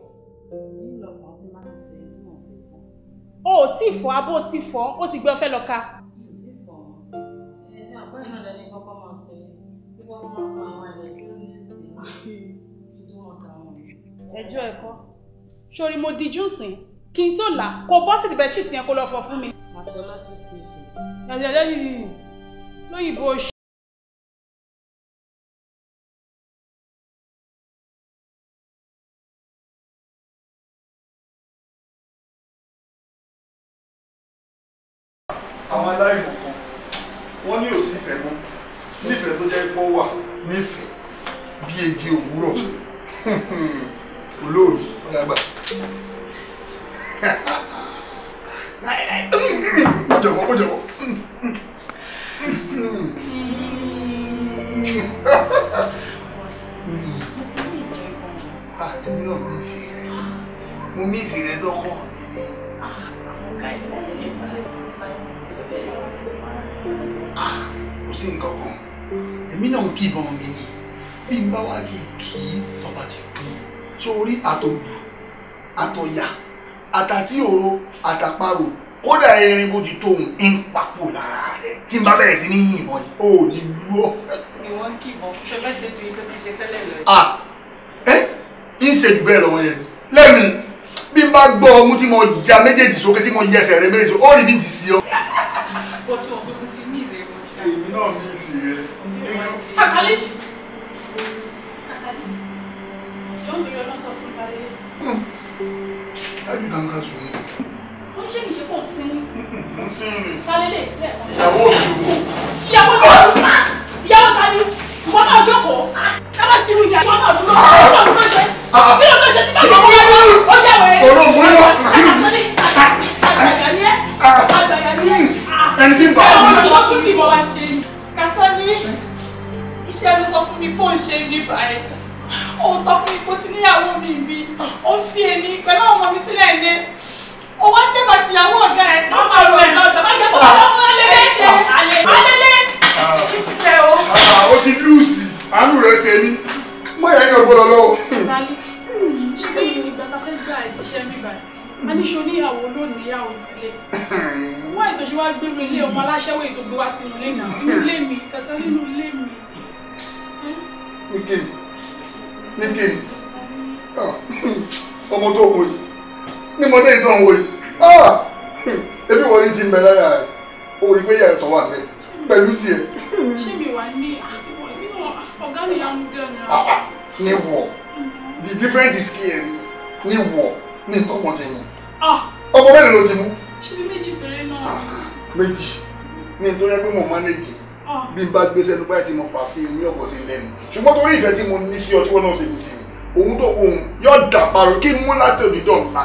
o ò tí ì fọ abó o ti fọ o ti gbé ọfẹ lọ ka. ẹjọ́ ẹ̀kọ́ sori mo dijú sìn kí n tó là kó bọ́ sí bed sheet yẹn kó lọ fọ fún mi. àtọ́lá ti ṣe é ṣe. lóyìnbó erin bó ti tó òun ń papò lára rẹ̀ tí n bá bẹ̀rẹ̀ sí ní yìnbọn yìí ó ní dúró. ìwọ́n kì í bọ̀ ṣe fẹ́ ṣe ju ikú tí ṣe tẹ́lẹ̀ lọ. à ah, ẹ ń ṣe jù bẹ́ẹ̀ lọ́wọ́ yẹn ni lẹ́mi bí n bá gbọ́ ọmú tí mo ya méjèèjì sókè tí mo yẹ ẹsẹ̀ rẹ méjèèjì ó rí bí ti sí ọ. ọtún ọgbẹ́ mi ti mí ìrẹ́ wọn èmi náà mí ìsì rẹ. Kasali Kasali jọ́ǹdì ọlọ́sọ̀ fún balẹ̀ ṣé kìí ṣe kó n sinmi. mo ń sinmi ni. kálílẹ̀ lẹ́ẹ̀kan. ìyàwó mi wò. ìyàwó mi wò. Ah! ìyàwó ta ni ìwọ náà jókòó. Ah! káwá ti ru ìyàwó náà dúró. kí ló ló ṣe. ó sọ fún mi bó ó ti níyàwó mi rí ó fi èmi pẹ̀lú àwọn ọmọ mi sílẹ̀ ilé o wá dé bàtì ìyàwó ọ̀gá ẹ̀ máa máa rọ ẹ̀ lọ́dọ̀ má jẹ́ kó lọ́wọ́ alẹ́lẹ́ ṣe alẹ́lẹ́ ah. ìsìnkẹ́ o. Ah, o ti lùsì àánú rẹ ṣe mí mọ ìyá yẹn gbọ́dọ̀ lọ́wọ́. ṣé kí ni ìgbà tá a fẹ́ gbà ẹ̀ ṣiṣẹ́ mi báyìí a ní ṣo níyàwó lónìí ìyàwó sílé wọ́n ètò ṣe wá gbé mi ilé ọmọ aláṣẹ́wó ètò gbé wá sínú ilé náà inú ilé mi tẹ̀sán nínú ilé mi. nígbè nígbè ah, ọmọ tó wọ yìí ní mo dé ìtàn wò yìí ah! ebi wọ́n rí ti ń bẹ lára rẹ̀ o rí pé yẹ̀ ẹ̀tọ́ wà bẹ́ẹ̀ pẹ̀lú tiẹ̀. ṣé mi wà ní ọ̀gá mi yà ń gbé ọ̀nà. the difference is clear eh? ní wọ̀ ní tọkàn ti mú ah! ọkọ mẹ́rin ló ti mú. ṣé méjì péré náà. Ah, méjì ní nítorí pé mo manage e. bí n bá gbé sẹ́nu báyìí tí mo fà fi ní ọ̀pọ̀ sí lẹ́nu ṣùgbọ́n torí ìfẹ́ tí mo ní sí ọtí wọn náà ṣe ní sí mi òun tó ohun yóò dà parọ́ kí n mú látòlídọ̀ọ́ ńlá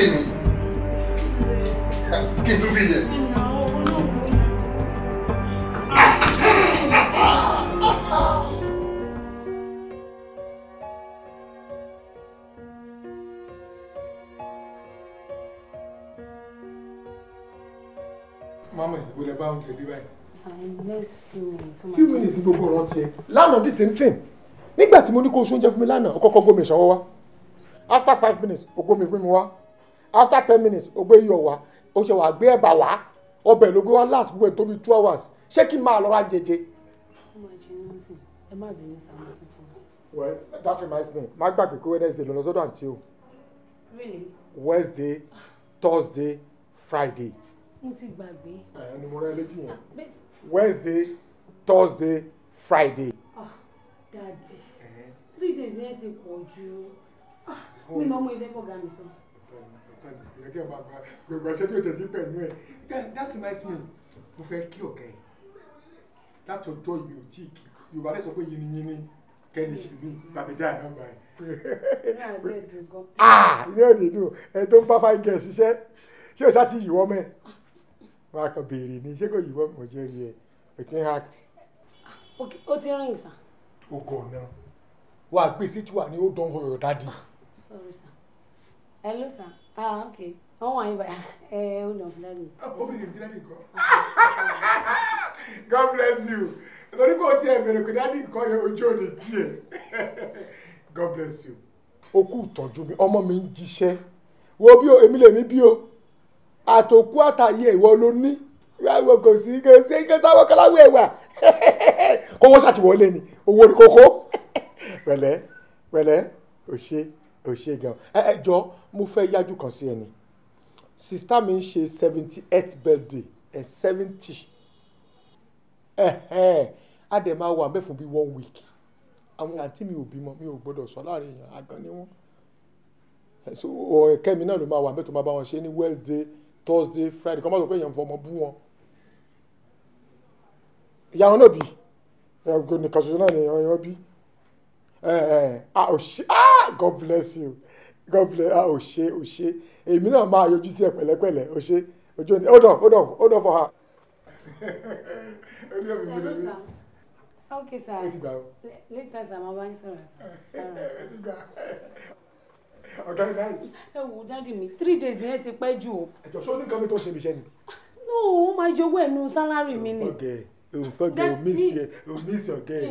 kí kí n fi yẹ. mama ìbò lè bá oúnjẹ dé báyìí. few minutes gbogbo ọ̀rọ̀ tiẹ̀ lánàá the same thing nígbà tí mo ní kó o ṣoúnjẹ fún mi lánàá ó kọ́kọ́ gbómi ìṣọwọ́ wá after five minutes ó gbómi mi wá after ten minutes ó gbé iyọ̀ wá ó ṣe wá gbé ẹ̀bà wá ọbẹ̀ ló gbé wá last gbogbo ẹ̀ tó bí two hours ṣé kí n máa lọ ra jẹjẹ. well that reminds me má gbàgbé pé wednesday lọ lọ sọ́dọ̀ àǹtí o. really. wednesday thursday friday. mo ti gbàgbé. ẹ ẹni mo rẹ létí yẹn ah, wednesday thursday friday. ah dadi three days yẹn ti pọ̀ jù ah, mi máa mú ilé bọ̀gá mi sọ tani ìyẹn kẹ́ gba gbogbo ẹ̀ṣẹ́ tí o tẹ̀sí pẹ̀lú ẹ̀ then that reminds me mo fẹ́ kí ọ̀gá ẹ̀ láti ọjọ́ ìwé òtí ìkí yorùbá lè sọ pé yiniyini kẹ́ni ṣì mí bàbí dáa náà báyìí. ilé òde dùn ah, ẹ tó ń bá fáì gẹ̀ ṣiṣẹ́ ṣé o ṣáàtì yìí wọ́n mẹ́ wọn kàn béèrè ni ṣé kò yìí wọ́n mọ̀ jẹ́ rí ẹ o ti ń act. Ah, o ti rìn sàn. o gọ̀ náà wàá gbèsè tí wà ní ó dán ọ̀rọ̀ dáadì. hello sir ah ok wọn wà yín bá ẹ ó lọ fúlẹ́rì. Ah, ó bìí fúlẹ́rì kọ́ God bless you nítorí pé o ti ẹ̀ bẹ̀rẹ̀ pé dáàdi nǹkan yẹn ojú ò ní díẹ̀ God bless you. o kú ìtọ́jú mi ọmọ mi ń jíṣẹ́ wo bí o èmi lè mi bí o àtòkú àtàyè ìwọ ló ní wíwáwọ kò sí kò sí kò sáwọ kọláwọ ẹwà kówó ṣàtiwọlé ni owó kókó pẹ̀lẹ́ pẹ̀lẹ́ o ṣe ò ṣe gan ẹ ẹ jọ mo fẹ́ yájú kan sí ẹni sista mi ń ṣe seventy eight birthday ẹ seventy ẹ ẹ a dẹ̀ máa wà bẹ́ẹ̀ fún bí one week àwọn àǹtí mi ò bímọ mi ò gbọ́dọ̀ sọ láàrin èèyàn àgàn ni wọ́n kẹ́mi náà ló máa wà bẹ́ẹ̀ tó máa bá wọn ṣe ní wednesday thursday friday kọ́ máa sọ pé èèyàn ń fọmọ bú wọn ìyá wọn náà bí ẹ̀ nìkan ṣoṣo náà ni èèyàn bí Eh, eh, ah, ah God bless you God bless ah o ṣe o ṣe èmi náà máa yọjú sí ẹ pẹ̀lẹ́pẹ̀lẹ́ o ṣe ojú hold on hold on hold on for her. orí ọ̀bì mi lè rí. sir later ẹ dáàdi mi three days yẹn ti pẹ́ jù o. sọ ní mi tó ṣe mi ṣẹ́ ni. no máa yọwọ́ mi ni. òfẹ́gẹ̀ omise omise ọ̀gẹ́.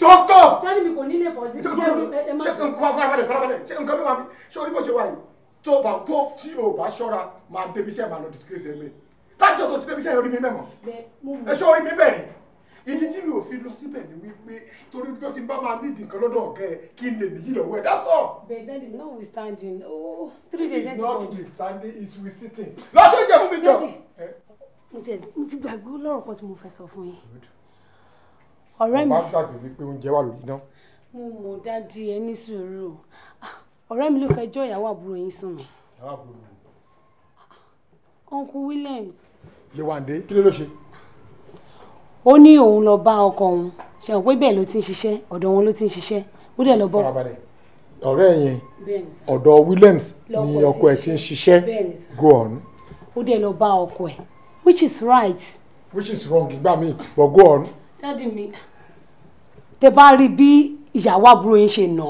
sọ́kọ̀. tẹ́lẹ̀ mi kò nílé pọ̀ sí. ṣé nǹkan wà farabalẹ̀ farabalẹ̀ ṣé nǹkan mi wà mí ṣé orí bó ṣe wà yìí tó bá tó tí o bá ṣọ́ra máa débi iṣẹ́ máa lọ disgrace mi lájọ tó ti débi iṣẹ́ orí mi mẹ́mọ́ ẹ ṣé orí mi bẹ̀rẹ̀ ìdí tí mi ò fi lọ síbẹ̀ ni wípé torí pé tí n bá máa nídìí kan lọ́dọ̀ ọ̀gá ẹ kí n lè níyì lọ́wọ́ ẹ dásọ. bẹ́ẹ̀ni oh three days. it's not withstanding it's with sitting. lọ́sọ̀ọ́ ìjẹ̀bú mi jọ mo ti gbàgbé lọ́rọ̀ kan tí mo fẹ́ sọ fún yín ọ̀rẹ́ mi. ọba gbàgbé wípé oúnjẹ wà lórí iná. mo mọ̀ dáadé ẹ ní sùúrù ah, ọ̀rẹ́ mi ló fẹ́ jọ ìyàwó àbúrò yín sùn mí. ìyàwó àbúrò mi. uncle williams. yewande kí ló ṣe. ó ní òun lọ bá ọkọ òun ṣe hàn pé bẹ́ẹ̀ ló ti ń ṣiṣẹ́ ọ̀dọ̀ wọn ló ti ń ṣiṣẹ́ ó dẹ̀ lọ bọ́. ọ̀rẹ́ yẹn ọ̀dọ̀ williams ni ọkọ ẹ̀ ti ń ṣiṣẹ́ go on. ó dẹ̀ lọ bá ọkọ ẹ̀ which is right. which is wrong ìgbà mi but go on. dádì mi tẹ bá rí bí ìyàwó àbúrò yín ṣe nà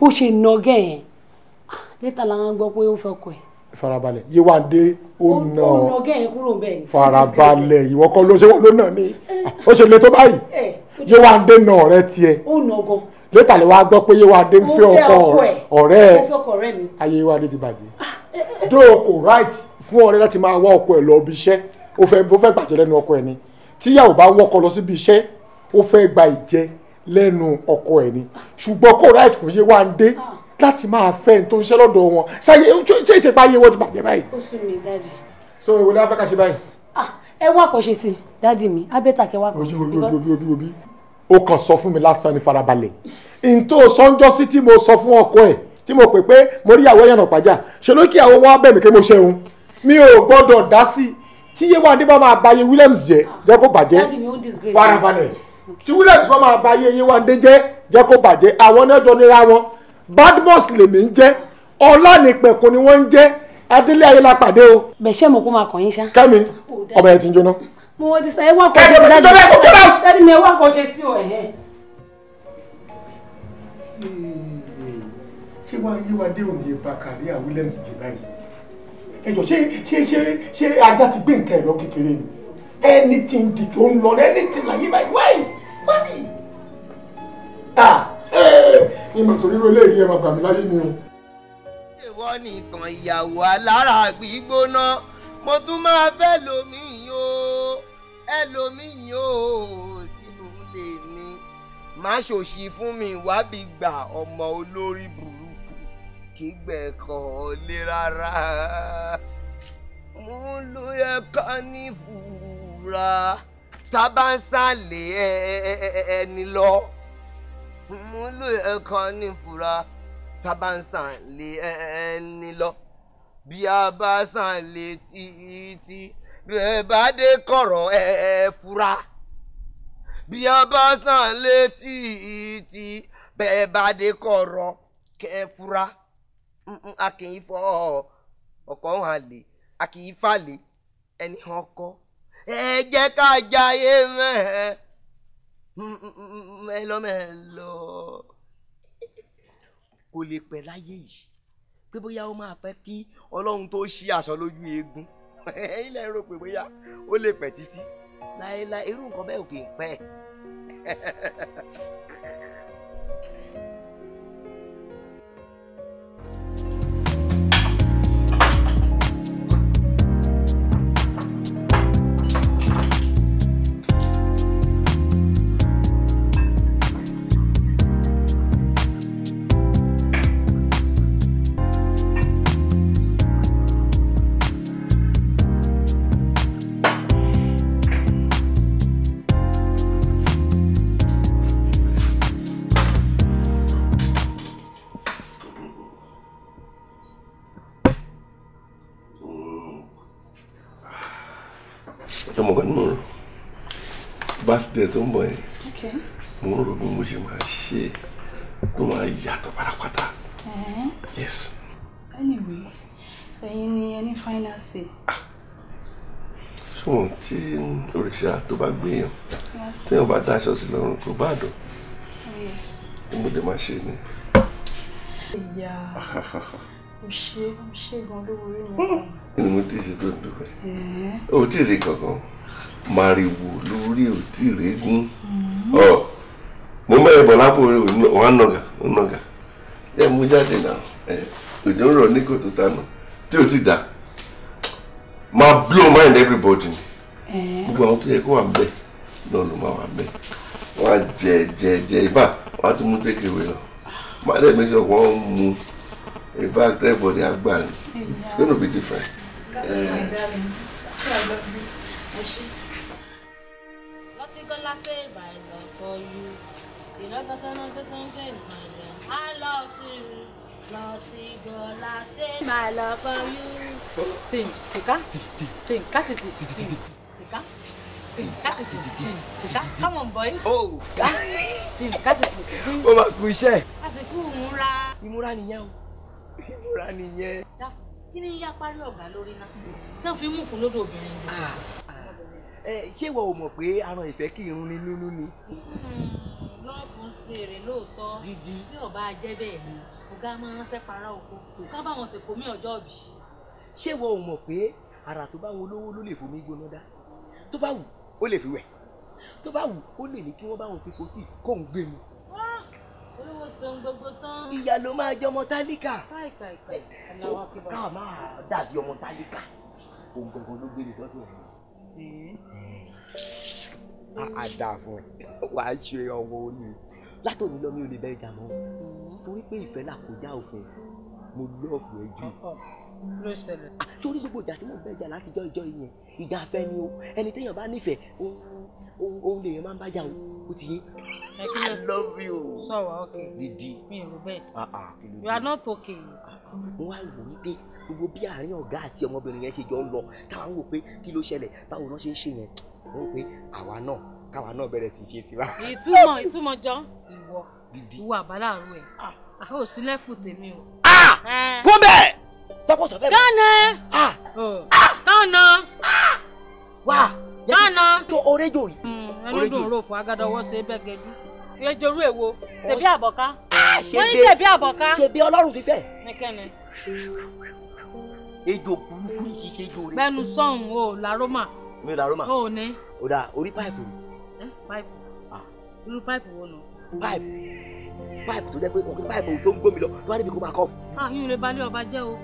bó ṣe nà gẹ̀ẹ́n létà làwọn gbọ́ pé ó fẹ́ kọ ẹ̀. farabalẹ̀ Yéwándé ó nà ọ́ farabalẹ̀ ìwọ kọ́ ló ṣe wọ́n ló nà ni eh. ó ṣe le tó báyìí eh, eh, Yéwándé nà ọ̀rẹ́ tiẹ̀ létà lè wá gbọ́ pé Yéwándé ń fẹ́ ọkọ ọ̀rẹ́ ẹ̀ ayé Yéwándé ti bàjẹ́ dóò ah, right fún ọ̀rẹ́ láti máa wá ọkọ ẹ̀ lọ ibi iṣẹ́ ó fẹ́ ó fẹ́ gbàjẹ́ lẹ́nu ọkọ ẹ̀ ni tíyàwó bá wọ́kọ lọ síbi iṣẹ́ ó fẹ́ gba ìjẹ lẹ́nu ọkọ ẹ̀ ni ṣùgbọ́n kó right fún yé wá ń dé láti máa fẹ́ ní tó ń ṣe lọ́dọ̀ wọn ṣáyé ṣé ìṣe bá yé wọ́n ti bàjẹ́ báyìí. ó sún mi dáàdì. so èwo ni a fẹ́ ká ṣe báyìí. Ah, ẹ wá àkọ́ṣe sí dáàdì mi abẹ́ta kẹ wá àkọ́ṣe sí. obi obi obi obi o kàn sọ fún mi lásán ní farabalẹ̀ ntó sọ́njọ́ sí tí mo sọ fún ọkọ ẹ̀ tí mo pè pé mo rí àwọn ẹ̀yàn náà pàjá ṣe ló kí àwọn wá bẹ̀ mí pé mo ṣe òun mi ò gbọ́dọ̀ dá sí tí Yéwándé bá máa bayé Williams jẹ́ jẹ́ kó bàjẹ́ farabalẹ̀ tí Williams bá máa bayé Yéwándé jẹ́ jẹ́ kó bàjẹ́ àwọn ẹjọ́ nira wọn Badmus lèmi ń jẹ́ Ọlánìpẹ̀kun ni wọ́n ń jẹ́ adélé ayé pàdé o. bẹ̀ṣẹ̀ mo kó máa kàn yín ṣá. kẹ́mi ọba ẹ̀ ti ń jóná. mo wọ́n ti sọ ẹ wá kọ́ ṣe sí dájú dájú mi ẹ wá kọ́ ṣe sí o ṣé wàá Yéwándé òní bàkàrí à Williams jẹ báyìí ẹjọ ṣé ṣé ṣé ṣé ajá ti gbé nǹkan ẹ̀rọ kékeré ni anything di tó ń lọ anything like báyìí Why? Why? ah ẹ ẹ màtòrí ló lè rí ẹ màgbà mi láyé mi o. ìwọ nìkan ìyàwó alára gbígbóná mo tún máa fẹ́ lómìn o ẹlòmíì o sínú ilé mi má ṣòṣì fún mi wábi gbà ọmọ olórí burú kígbẹ̀kọ̀ lé rárá òun ló yẹ ká ní fura tá bá ń sàlẹ̀ ẹni lọ òun ló yẹ ká ní fura tá bá ń sàlẹ̀ ẹni lọ bí a bá sàlẹ̀ títí bí bá dé kọ̀rọ̀ ẹ fura bí a bá sàlẹ̀ títí bẹ́ẹ̀ bá dé kọ̀rọ̀ kẹ́ fura a kì í fọ ọkọ hàn lè a kì í fà lè ẹni hàn kọ ẹ jẹ́ ká jayé mẹ́ẹ̀ mẹ́lọ́mẹ́lọ́ kò lè pẹ́ láyé yìí pé bóyá ó máa pẹ́ kí ọlọ́run tó ṣí aṣọ lójú eegun ilẹ̀ rò pé bóyá ó lè pẹ́ títí láéláé irú nǹkan bẹ́ẹ̀ ò kì í pẹ́. tó ń bọ̀ yẹn mo ń rò bí mo ṣe máa ṣe tó máa yes. anyways ẹ̀yin any ẹni final say. sùn tí òrìṣà tó bá gbéyàn téèyàn bá dá aṣọ sí lọ́rùn kò bá dùn. yes. mo dé máa ṣe ni. ìyá o ṣe o ṣe gan olówó ni hmm. mo ti ṣe tó ń dúpẹ́ o tí ì rí kankan màrìwò lórí o tí ì rí gún hmm. ọ mo mẹ́rin bọ̀ lápò rẹ̀ wà nàgà nàgà ẹ mú jáde náà òjò ń rọ̀ ní kòtò tánà tí o ti dà máa blow mind everybody ni gbogbo àwọn tó yẹ kó wà ń bẹ̀ náà ló máa wà ń bẹ̀ wọ́n á jẹ jẹ jẹ ibà wọ́n á tún mú take lọ máa dẹ̀ méjì ọ̀pọ̀ wọn mú In fact, everybody has gone. It's going to be different. That's uh, eh. my darling. That's why I love you. I should. Nothing gonna say my love for you. You know, because I know this one place, my love. I love you. Nothing gonna say my love for you. Think, Tika. Think, Katiti. Tika. Come on, boy. Oh. Tika. Katiti. Ó máa kú iṣẹ́. Àsìkò ìmúra. Ìmúra nìyẹn o múra nìyẹn. kí ni yá parí ọ̀gá lórí náà tí wọ́n fi mú kún lódò obìnrin. Ah, ah. Eh, ṣé ìwọ ò mọ̀ pé aràn ìfẹ́ kì í run ní nínú ni. lọ́ọ̀fù ń ṣe èrè lóòótọ́ bí ọba jẹ́ bẹ́ẹ̀ ni ọ̀gá máa ń ránṣẹ́ para oko ká báwọn ṣe kò mí ọjọ́ bì. ṣé ìwọ ò mọ̀ pé ara tó bá wọn olówó ló lè fomi gbóná dá tó bá wù ó lè fi wẹ̀ tó bá wù ó lè ní kí wọ́n bá wọn fi fotí kóun gbé mu olówó san gbogbo tán. ìyá ló máa jẹ ọmọ tálíkà. káìkà ìkà aláwọ akébọ. káà máa dàbí ọmọ tálíkà òun gbọ̀ngàn ló gbé mi lọ́dọ̀ ẹ̀. àdàfọ̀ hmm. wàá ṣe ọmọ orí látòmí lọ mi ò lè bẹ́ẹ̀ jà mọ́ hmm. torí pé ìfẹ́ là òfin mo lọ́ọ̀fù ẹ jù ló ah, gbogbo ìjà tí mò bẹ jà látijọ́ ìjọ yìí ìjà afẹ́ ni o ẹni téèyàn bá nífẹ̀ẹ́ òun lèèyàn máa ń bá jà o ti yé. I love you. sọ̀rọ̀ okay. didi. mi ò rò bẹ́ẹ̀. Ah, ah, you are not okay. mo wá wò ní pé gbogbo bí àárín ọ̀gá àti ọmọbìnrin yẹn ṣe jọ ń lọ táwọn ń wò pé kí ló ṣẹlẹ̀ báwo ló ṣe ń ṣe yẹn mo rò pé àwa náà káwa náà bẹ̀rẹ̀ sí ṣe tiwa. ìtumọ̀ ìtumọ̀ jọ ìwọ ìwọ àbáláàrú ẹ̀ àhó sílẹ̀ fún tèmi o. Eh. kúnbẹ̀ sẹ́kọ̀ sọ bẹ́ẹ̀. kánẹ. kánà. Ah. Ah. wá. kánà. tó oré jò rí. ẹnu dùn rò fún agadọwọ ṣe bẹ́ẹ̀ gẹ́jú. ìrẹjọrú èwo ṣèbí àbọ̀ká. Ah, wọ́n ní ṣèbí àbọ̀ká. ṣèbí ọlọ́run fífẹ́. nìkẹ́ni. ejò burúkú yìí ṣe ejò rẹ. bẹ́ẹ̀ni sọhùn o làrómà. mi làrómà. o ní. o da orí páìpù. páìpù irú páìpù wo nù. páìpù báìbù tó dẹ́ pé òkè báìbù tó ń gbómi lọ tó bá níbi kó máa kọ́ fún. àyùn lè balẹ̀ ọba jẹ́ o.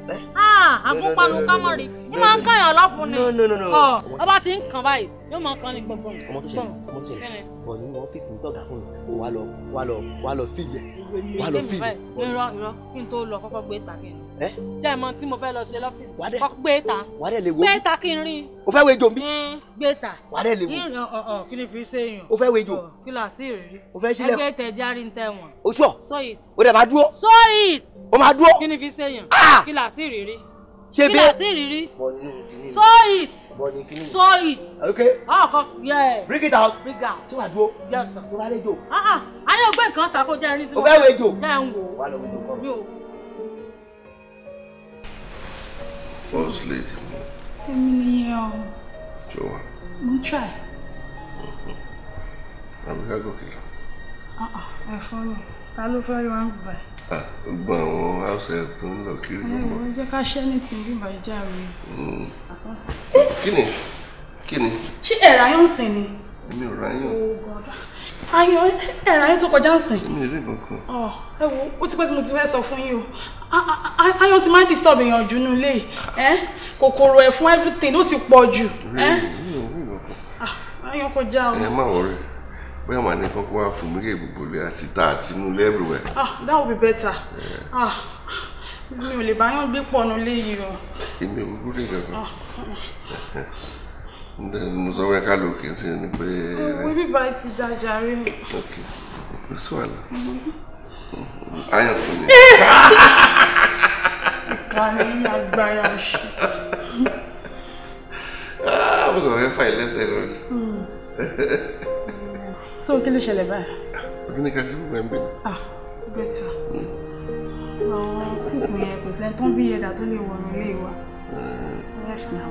àgùnpanu kámọ́rì ní máa ń kàyàn lọ́fun ni. Ah, ọba ti ń kàn báyìí yóò máa kan ní gbọ̀ngàn. ọmọ tó ṣẹlẹ̀ ọmọ tó ṣẹlẹ̀ bọ̀ nínú ọ́fíìsì mi tọ̀gà fún mi wà lọ wà lọ wà lọ fìyẹ wà lọ fìyẹ. irọ́ irọ́ kí n tó lọ kọ́kọ́ gbé ta kí n lọ. jẹ́ ìmọ̀ tí mo fẹ́ lọ ṣe lọ́fíìsì kọ́ gbé ta gbé ta kí n rí. o fẹ́ wejò mi. Mm, gbé ta wà lẹ́ lè wo. kí ni fi ṣe èèyàn. o fẹ́ wejò. kí la ti rí. o fẹ́ sílẹ̀ ẹgbẹ́ tẹ̀ járí ń tẹ̀ wọ̀n. o sọ. so it. o dẹ̀ máa dúró. so it. o máa dúró. kí ni fi ṣe èèyàn. Ah! kí la ti rí rí ṣe bí. kí ló ti rí rí. sow it. sow it. okay. ọkọ yes. bring it out. bring out. tí wàá dúró. yes sir. tó bá lè jò. ayé ògbé nǹkan ta kó jẹ́ rí tí mo. o fẹ́ wo ejò. jẹ́ ń wò. wà á lọ wo ejò kọ́. mi ò. first lady. èmi nìyẹn o. ṣé wà. mo try. àbíká gòkè lọ. Ah, ah. ẹ̀fọ́ mi ta ló fẹ́ rí wọn gbà. Ah, gbogbo àwọn house help tó ń lọ kiri ló mọ. jẹ́ ká ṣẹ́ ní ti bí bàjá mi. Mm. kí ni kí ni. ṣé ẹ̀rọ ayọ̀ ń sìn ni. èmi ò ráyọ̀. Oh ayọ̀ ẹ̀rọ ayọ̀ tó kọjá ń sìn. èmi ò rí kankan. Oh, ẹ wo ó ti pẹ́ tí mo ti fẹ́ sọ fún yín o ayọ̀ ti máa ń disturb èèyàn jù nínú ilé eh? kòkòrò ẹ̀fún everything ó sì pọ̀ jù. Eh? Ah, ayọ̀ kọjá o. ẹ má wọrí bóyá màá ní kán kó wá fún mi rè gbogbo rẹ everywhere. ah that would be better. ah mi ò lè bá yàn gbé pọ̀ nulẹ̀ yìí o. èmi ò gbúdọ̀ lè gbàgbọ́ mo sọ pé kálù kì í sí ni pé. wí oh, bíbá ti da jàre. ok kò sí wàhálà mm-hmm. ayọ̀ fún mi. ìkànnì agbára ṣe. Ah, mo kàn fẹ́ fà ẹ́ lẹ́sẹ̀ lórí. Hmm. so kí ló ṣẹlẹ̀ báyìí. ọdún ní kẹsì fún ẹ̀mí. ah bẹ́tà àwọn kúkú yẹn kò sẹ́ńtọ́ bí yẹn dà tó lè wọ̀rùn ilé wa hmm. rest now.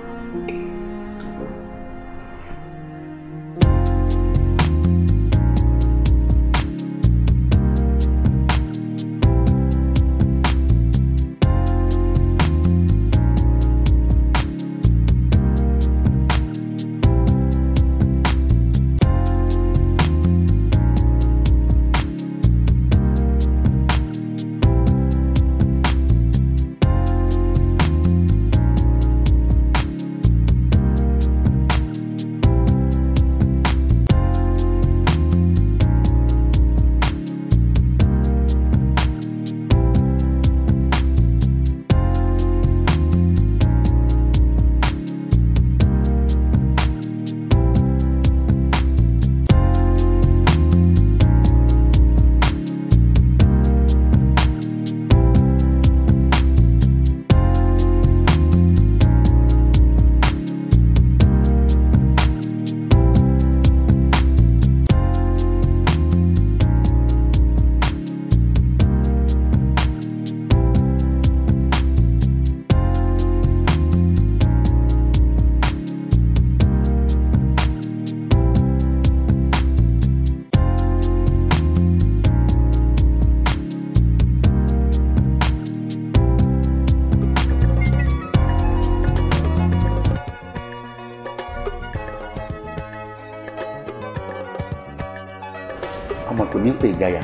jáyà.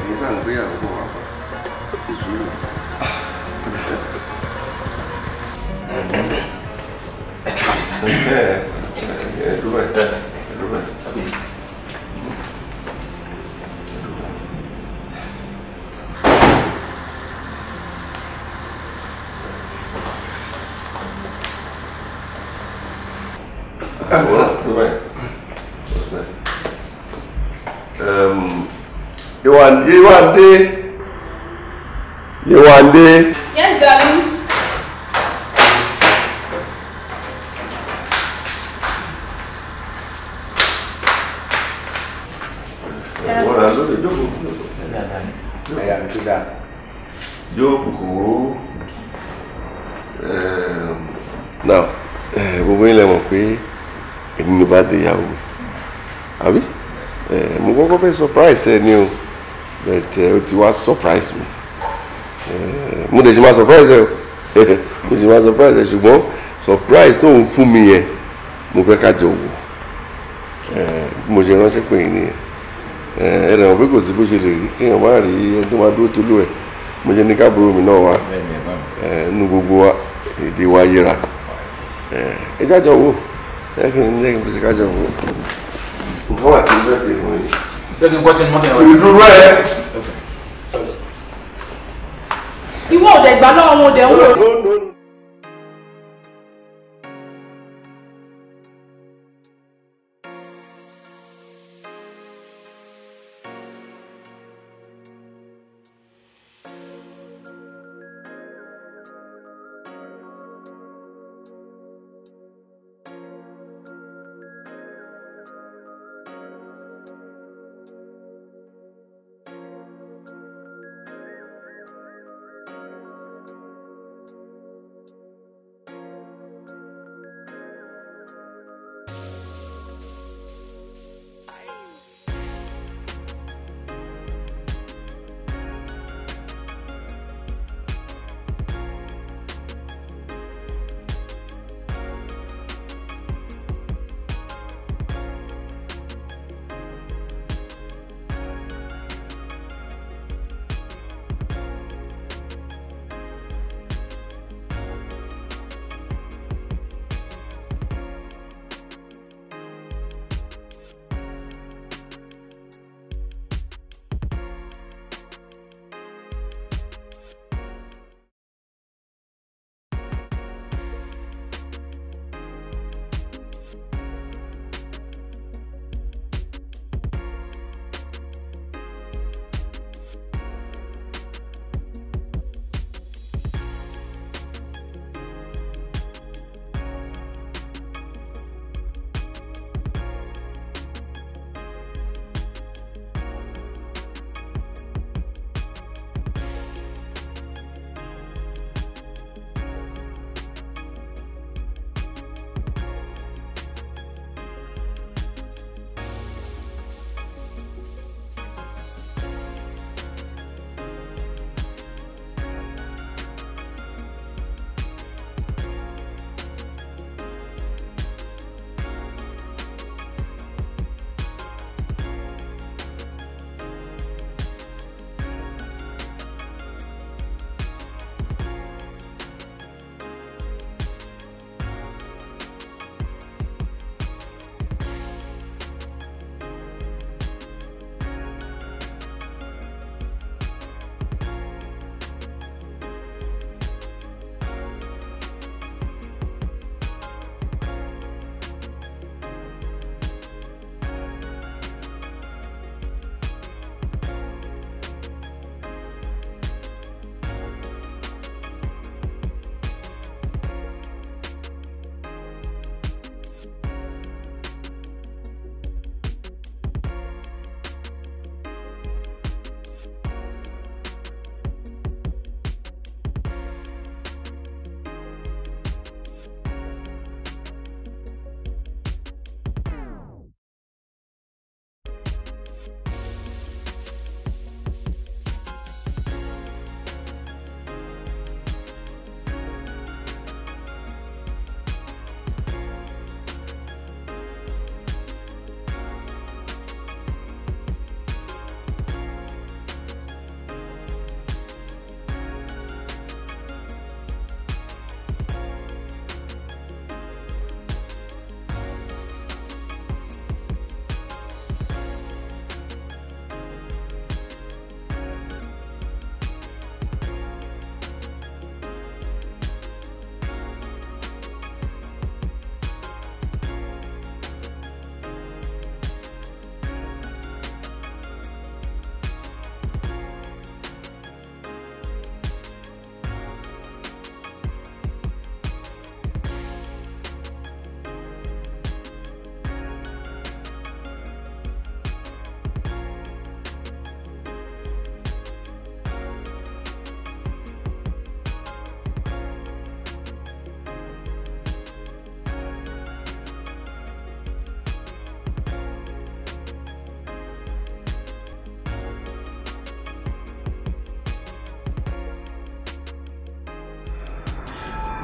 ẹ̀yin táwọn gbéyàwó bọ̀ wá bọ̀ sí Yewande. Yewande. Yes, darling. Bọ́lá ló lè jókòó. Ẹ̀yà ń tó dáa. Jókòó. Ehm, now, eh, gbogbo yín lè mọ̀ pé èmi ni bá dé ìyàwó. Àbí? Eh, mo kọ́kọ́ fẹ́ surprise ẹ ni o but ẹ o ti wá surprise mi eh, mo de ṣe máa surprise ẹ o mo ṣe máa surprise ẹ surprise tó ń fún mi yẹn mo fẹ́ ká jọ wò eh, mo ṣe ránṣẹ́ pé yìí nìyẹn eh, ẹnì àwọn pé kò sí bó ṣe lè rí kéèyàn má rí ẹni tó máa dúró tó lù ẹ mo ṣe ní káàbùrò mi náà wá nínú gbogbo èdè wa yẹra ẹ jájọ wò ẹ kì í ní ẹ kì í fi ṣe kájọ wò. Wọ́n àti ìjọba ìwọ̀nyí ṣé kí n kọ́ tí mo tẹ̀ wá. ìdúró ẹ. ìwọ ò dẹ̀ gbà lọ́wọ́ ń wò.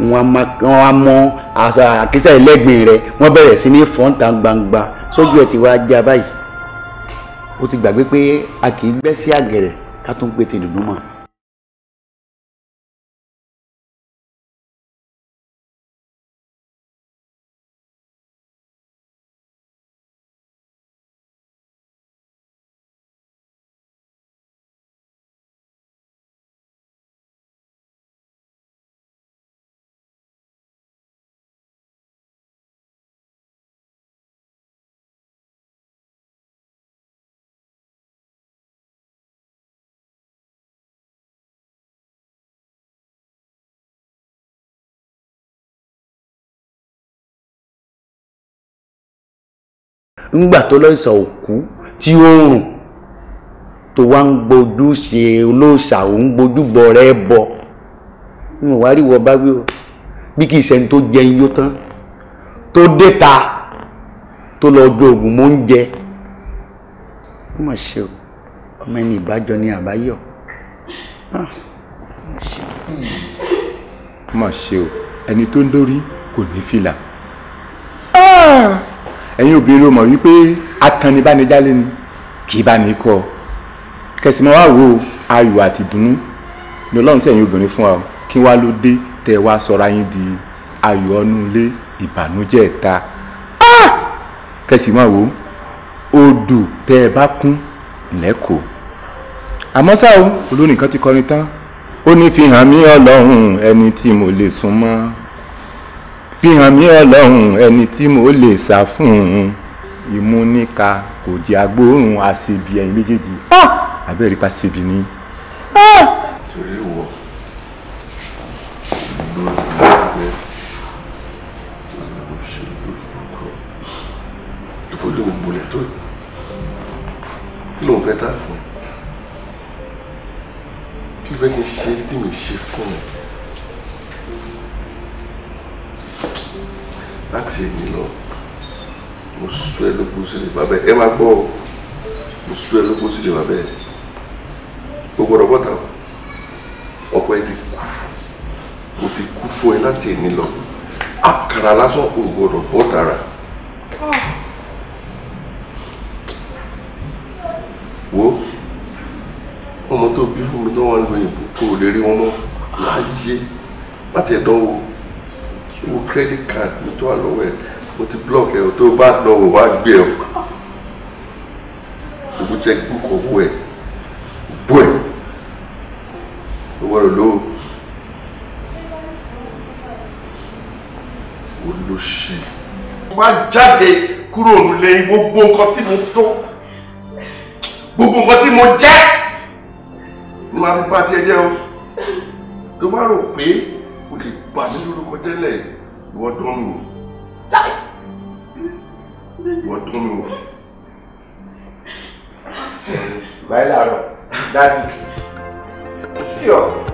wọ́n mọ àkísà ẹlẹ́gbìn rẹ̀ wọ́n bẹ̀rẹ̀ sí ní fọ́ǹtà gbangba sójú ẹ̀ ti wá já báyìí ó ti gbàgbé pé a kì í gbẹ́ sí àgẹ̀rẹ̀ ká tún gbé ti dùdú mọ́. ńgbà tó lọ́sàn òkú tí ó rùn tó wá ń gbójú ṣe olóòṣà ò ń gbójúbọ rẹ bọ nínú wàá rí wọ bá wí o bí kì í ṣẹni tó jẹ iyó tán tó dé ta tó lọ do oògùn mọ́ ń jẹ ó mà ṣe o ọmọ ẹni ìbájọ ni àbáyọ ah, ó mà ṣe o ẹni tó ń dórí kò ní fìlà. Ah! ẹ̀yin obìnrin ló mọ̀ wípé atanibánijálé ni kì í bá ní kọ́ kẹsìmọ́ wá wo ayọ̀ àti ìdùnnú ni ọlọ́run sẹ̀yìn obìnrin fún wa kí wá ló dé tẹ́ wá sọra yín di ayọ̀ ọnú ilé ìbànújẹ́ ìta ah! kẹsìmọ́ wo odù tẹ́ ẹ bá kún lẹ́kọ̀ọ́ àmọ́ ṣá o olórin kan ti kọrin tán ó ní fi hàn mí ọlọ́run ẹni tí mo lè sún mọ́ fihàn mí ọlọ́run ẹni tí mo lè sá fún un imú níka kò jẹ́ agbóhùn àṣebi ẹ̀yin méjèèjì abẹ́rẹ́ pa ṣebi ni. torí wọ lórí ẹgbẹ́ ọ̀nà òṣèlú ìgbòkó ìfojú gbogbo rẹ̀ tó kí ló ń fẹ́ kí ló fẹ́ kí n ṣe tí mi ṣe fún ẹ. láti èmi lọ mo sún ẹ lókun sílé bàbá ẹ máa gbọ́ mo sún ẹ lókun sílé bàbá ẹ o bọ́ta ọkọ ẹ ti kú o ti kú fún ẹ láti èmi o bọ́ta wo ọmọ tó bí fún mi tó wà lóyìnbó o lè rí wọn láàyè láti ẹ̀dánwò. wo credit card mi tó wà lọ́wọ́ ẹ̀ o e, ti block ẹ̀ e, o tó bá lọ wò wá gbé ẹ̀ e. o check book ọ̀wọ́ ẹ̀ bó ẹ̀ o gbọ́dọ̀ lọ o lọ ṣe. wá jáde kúrò nílé gbogbo nǹkan tí mo tó gbogbo nǹkan tí mo jẹ́ ni màá fi bá tiẹ̀ jẹ́ o tó bá rò pé kì í bàṣẹ lórúkọ jẹ́lẹ̀ ìwọ dán mi wò ìwọ dán mi wò. báyìí dájú sí ọ.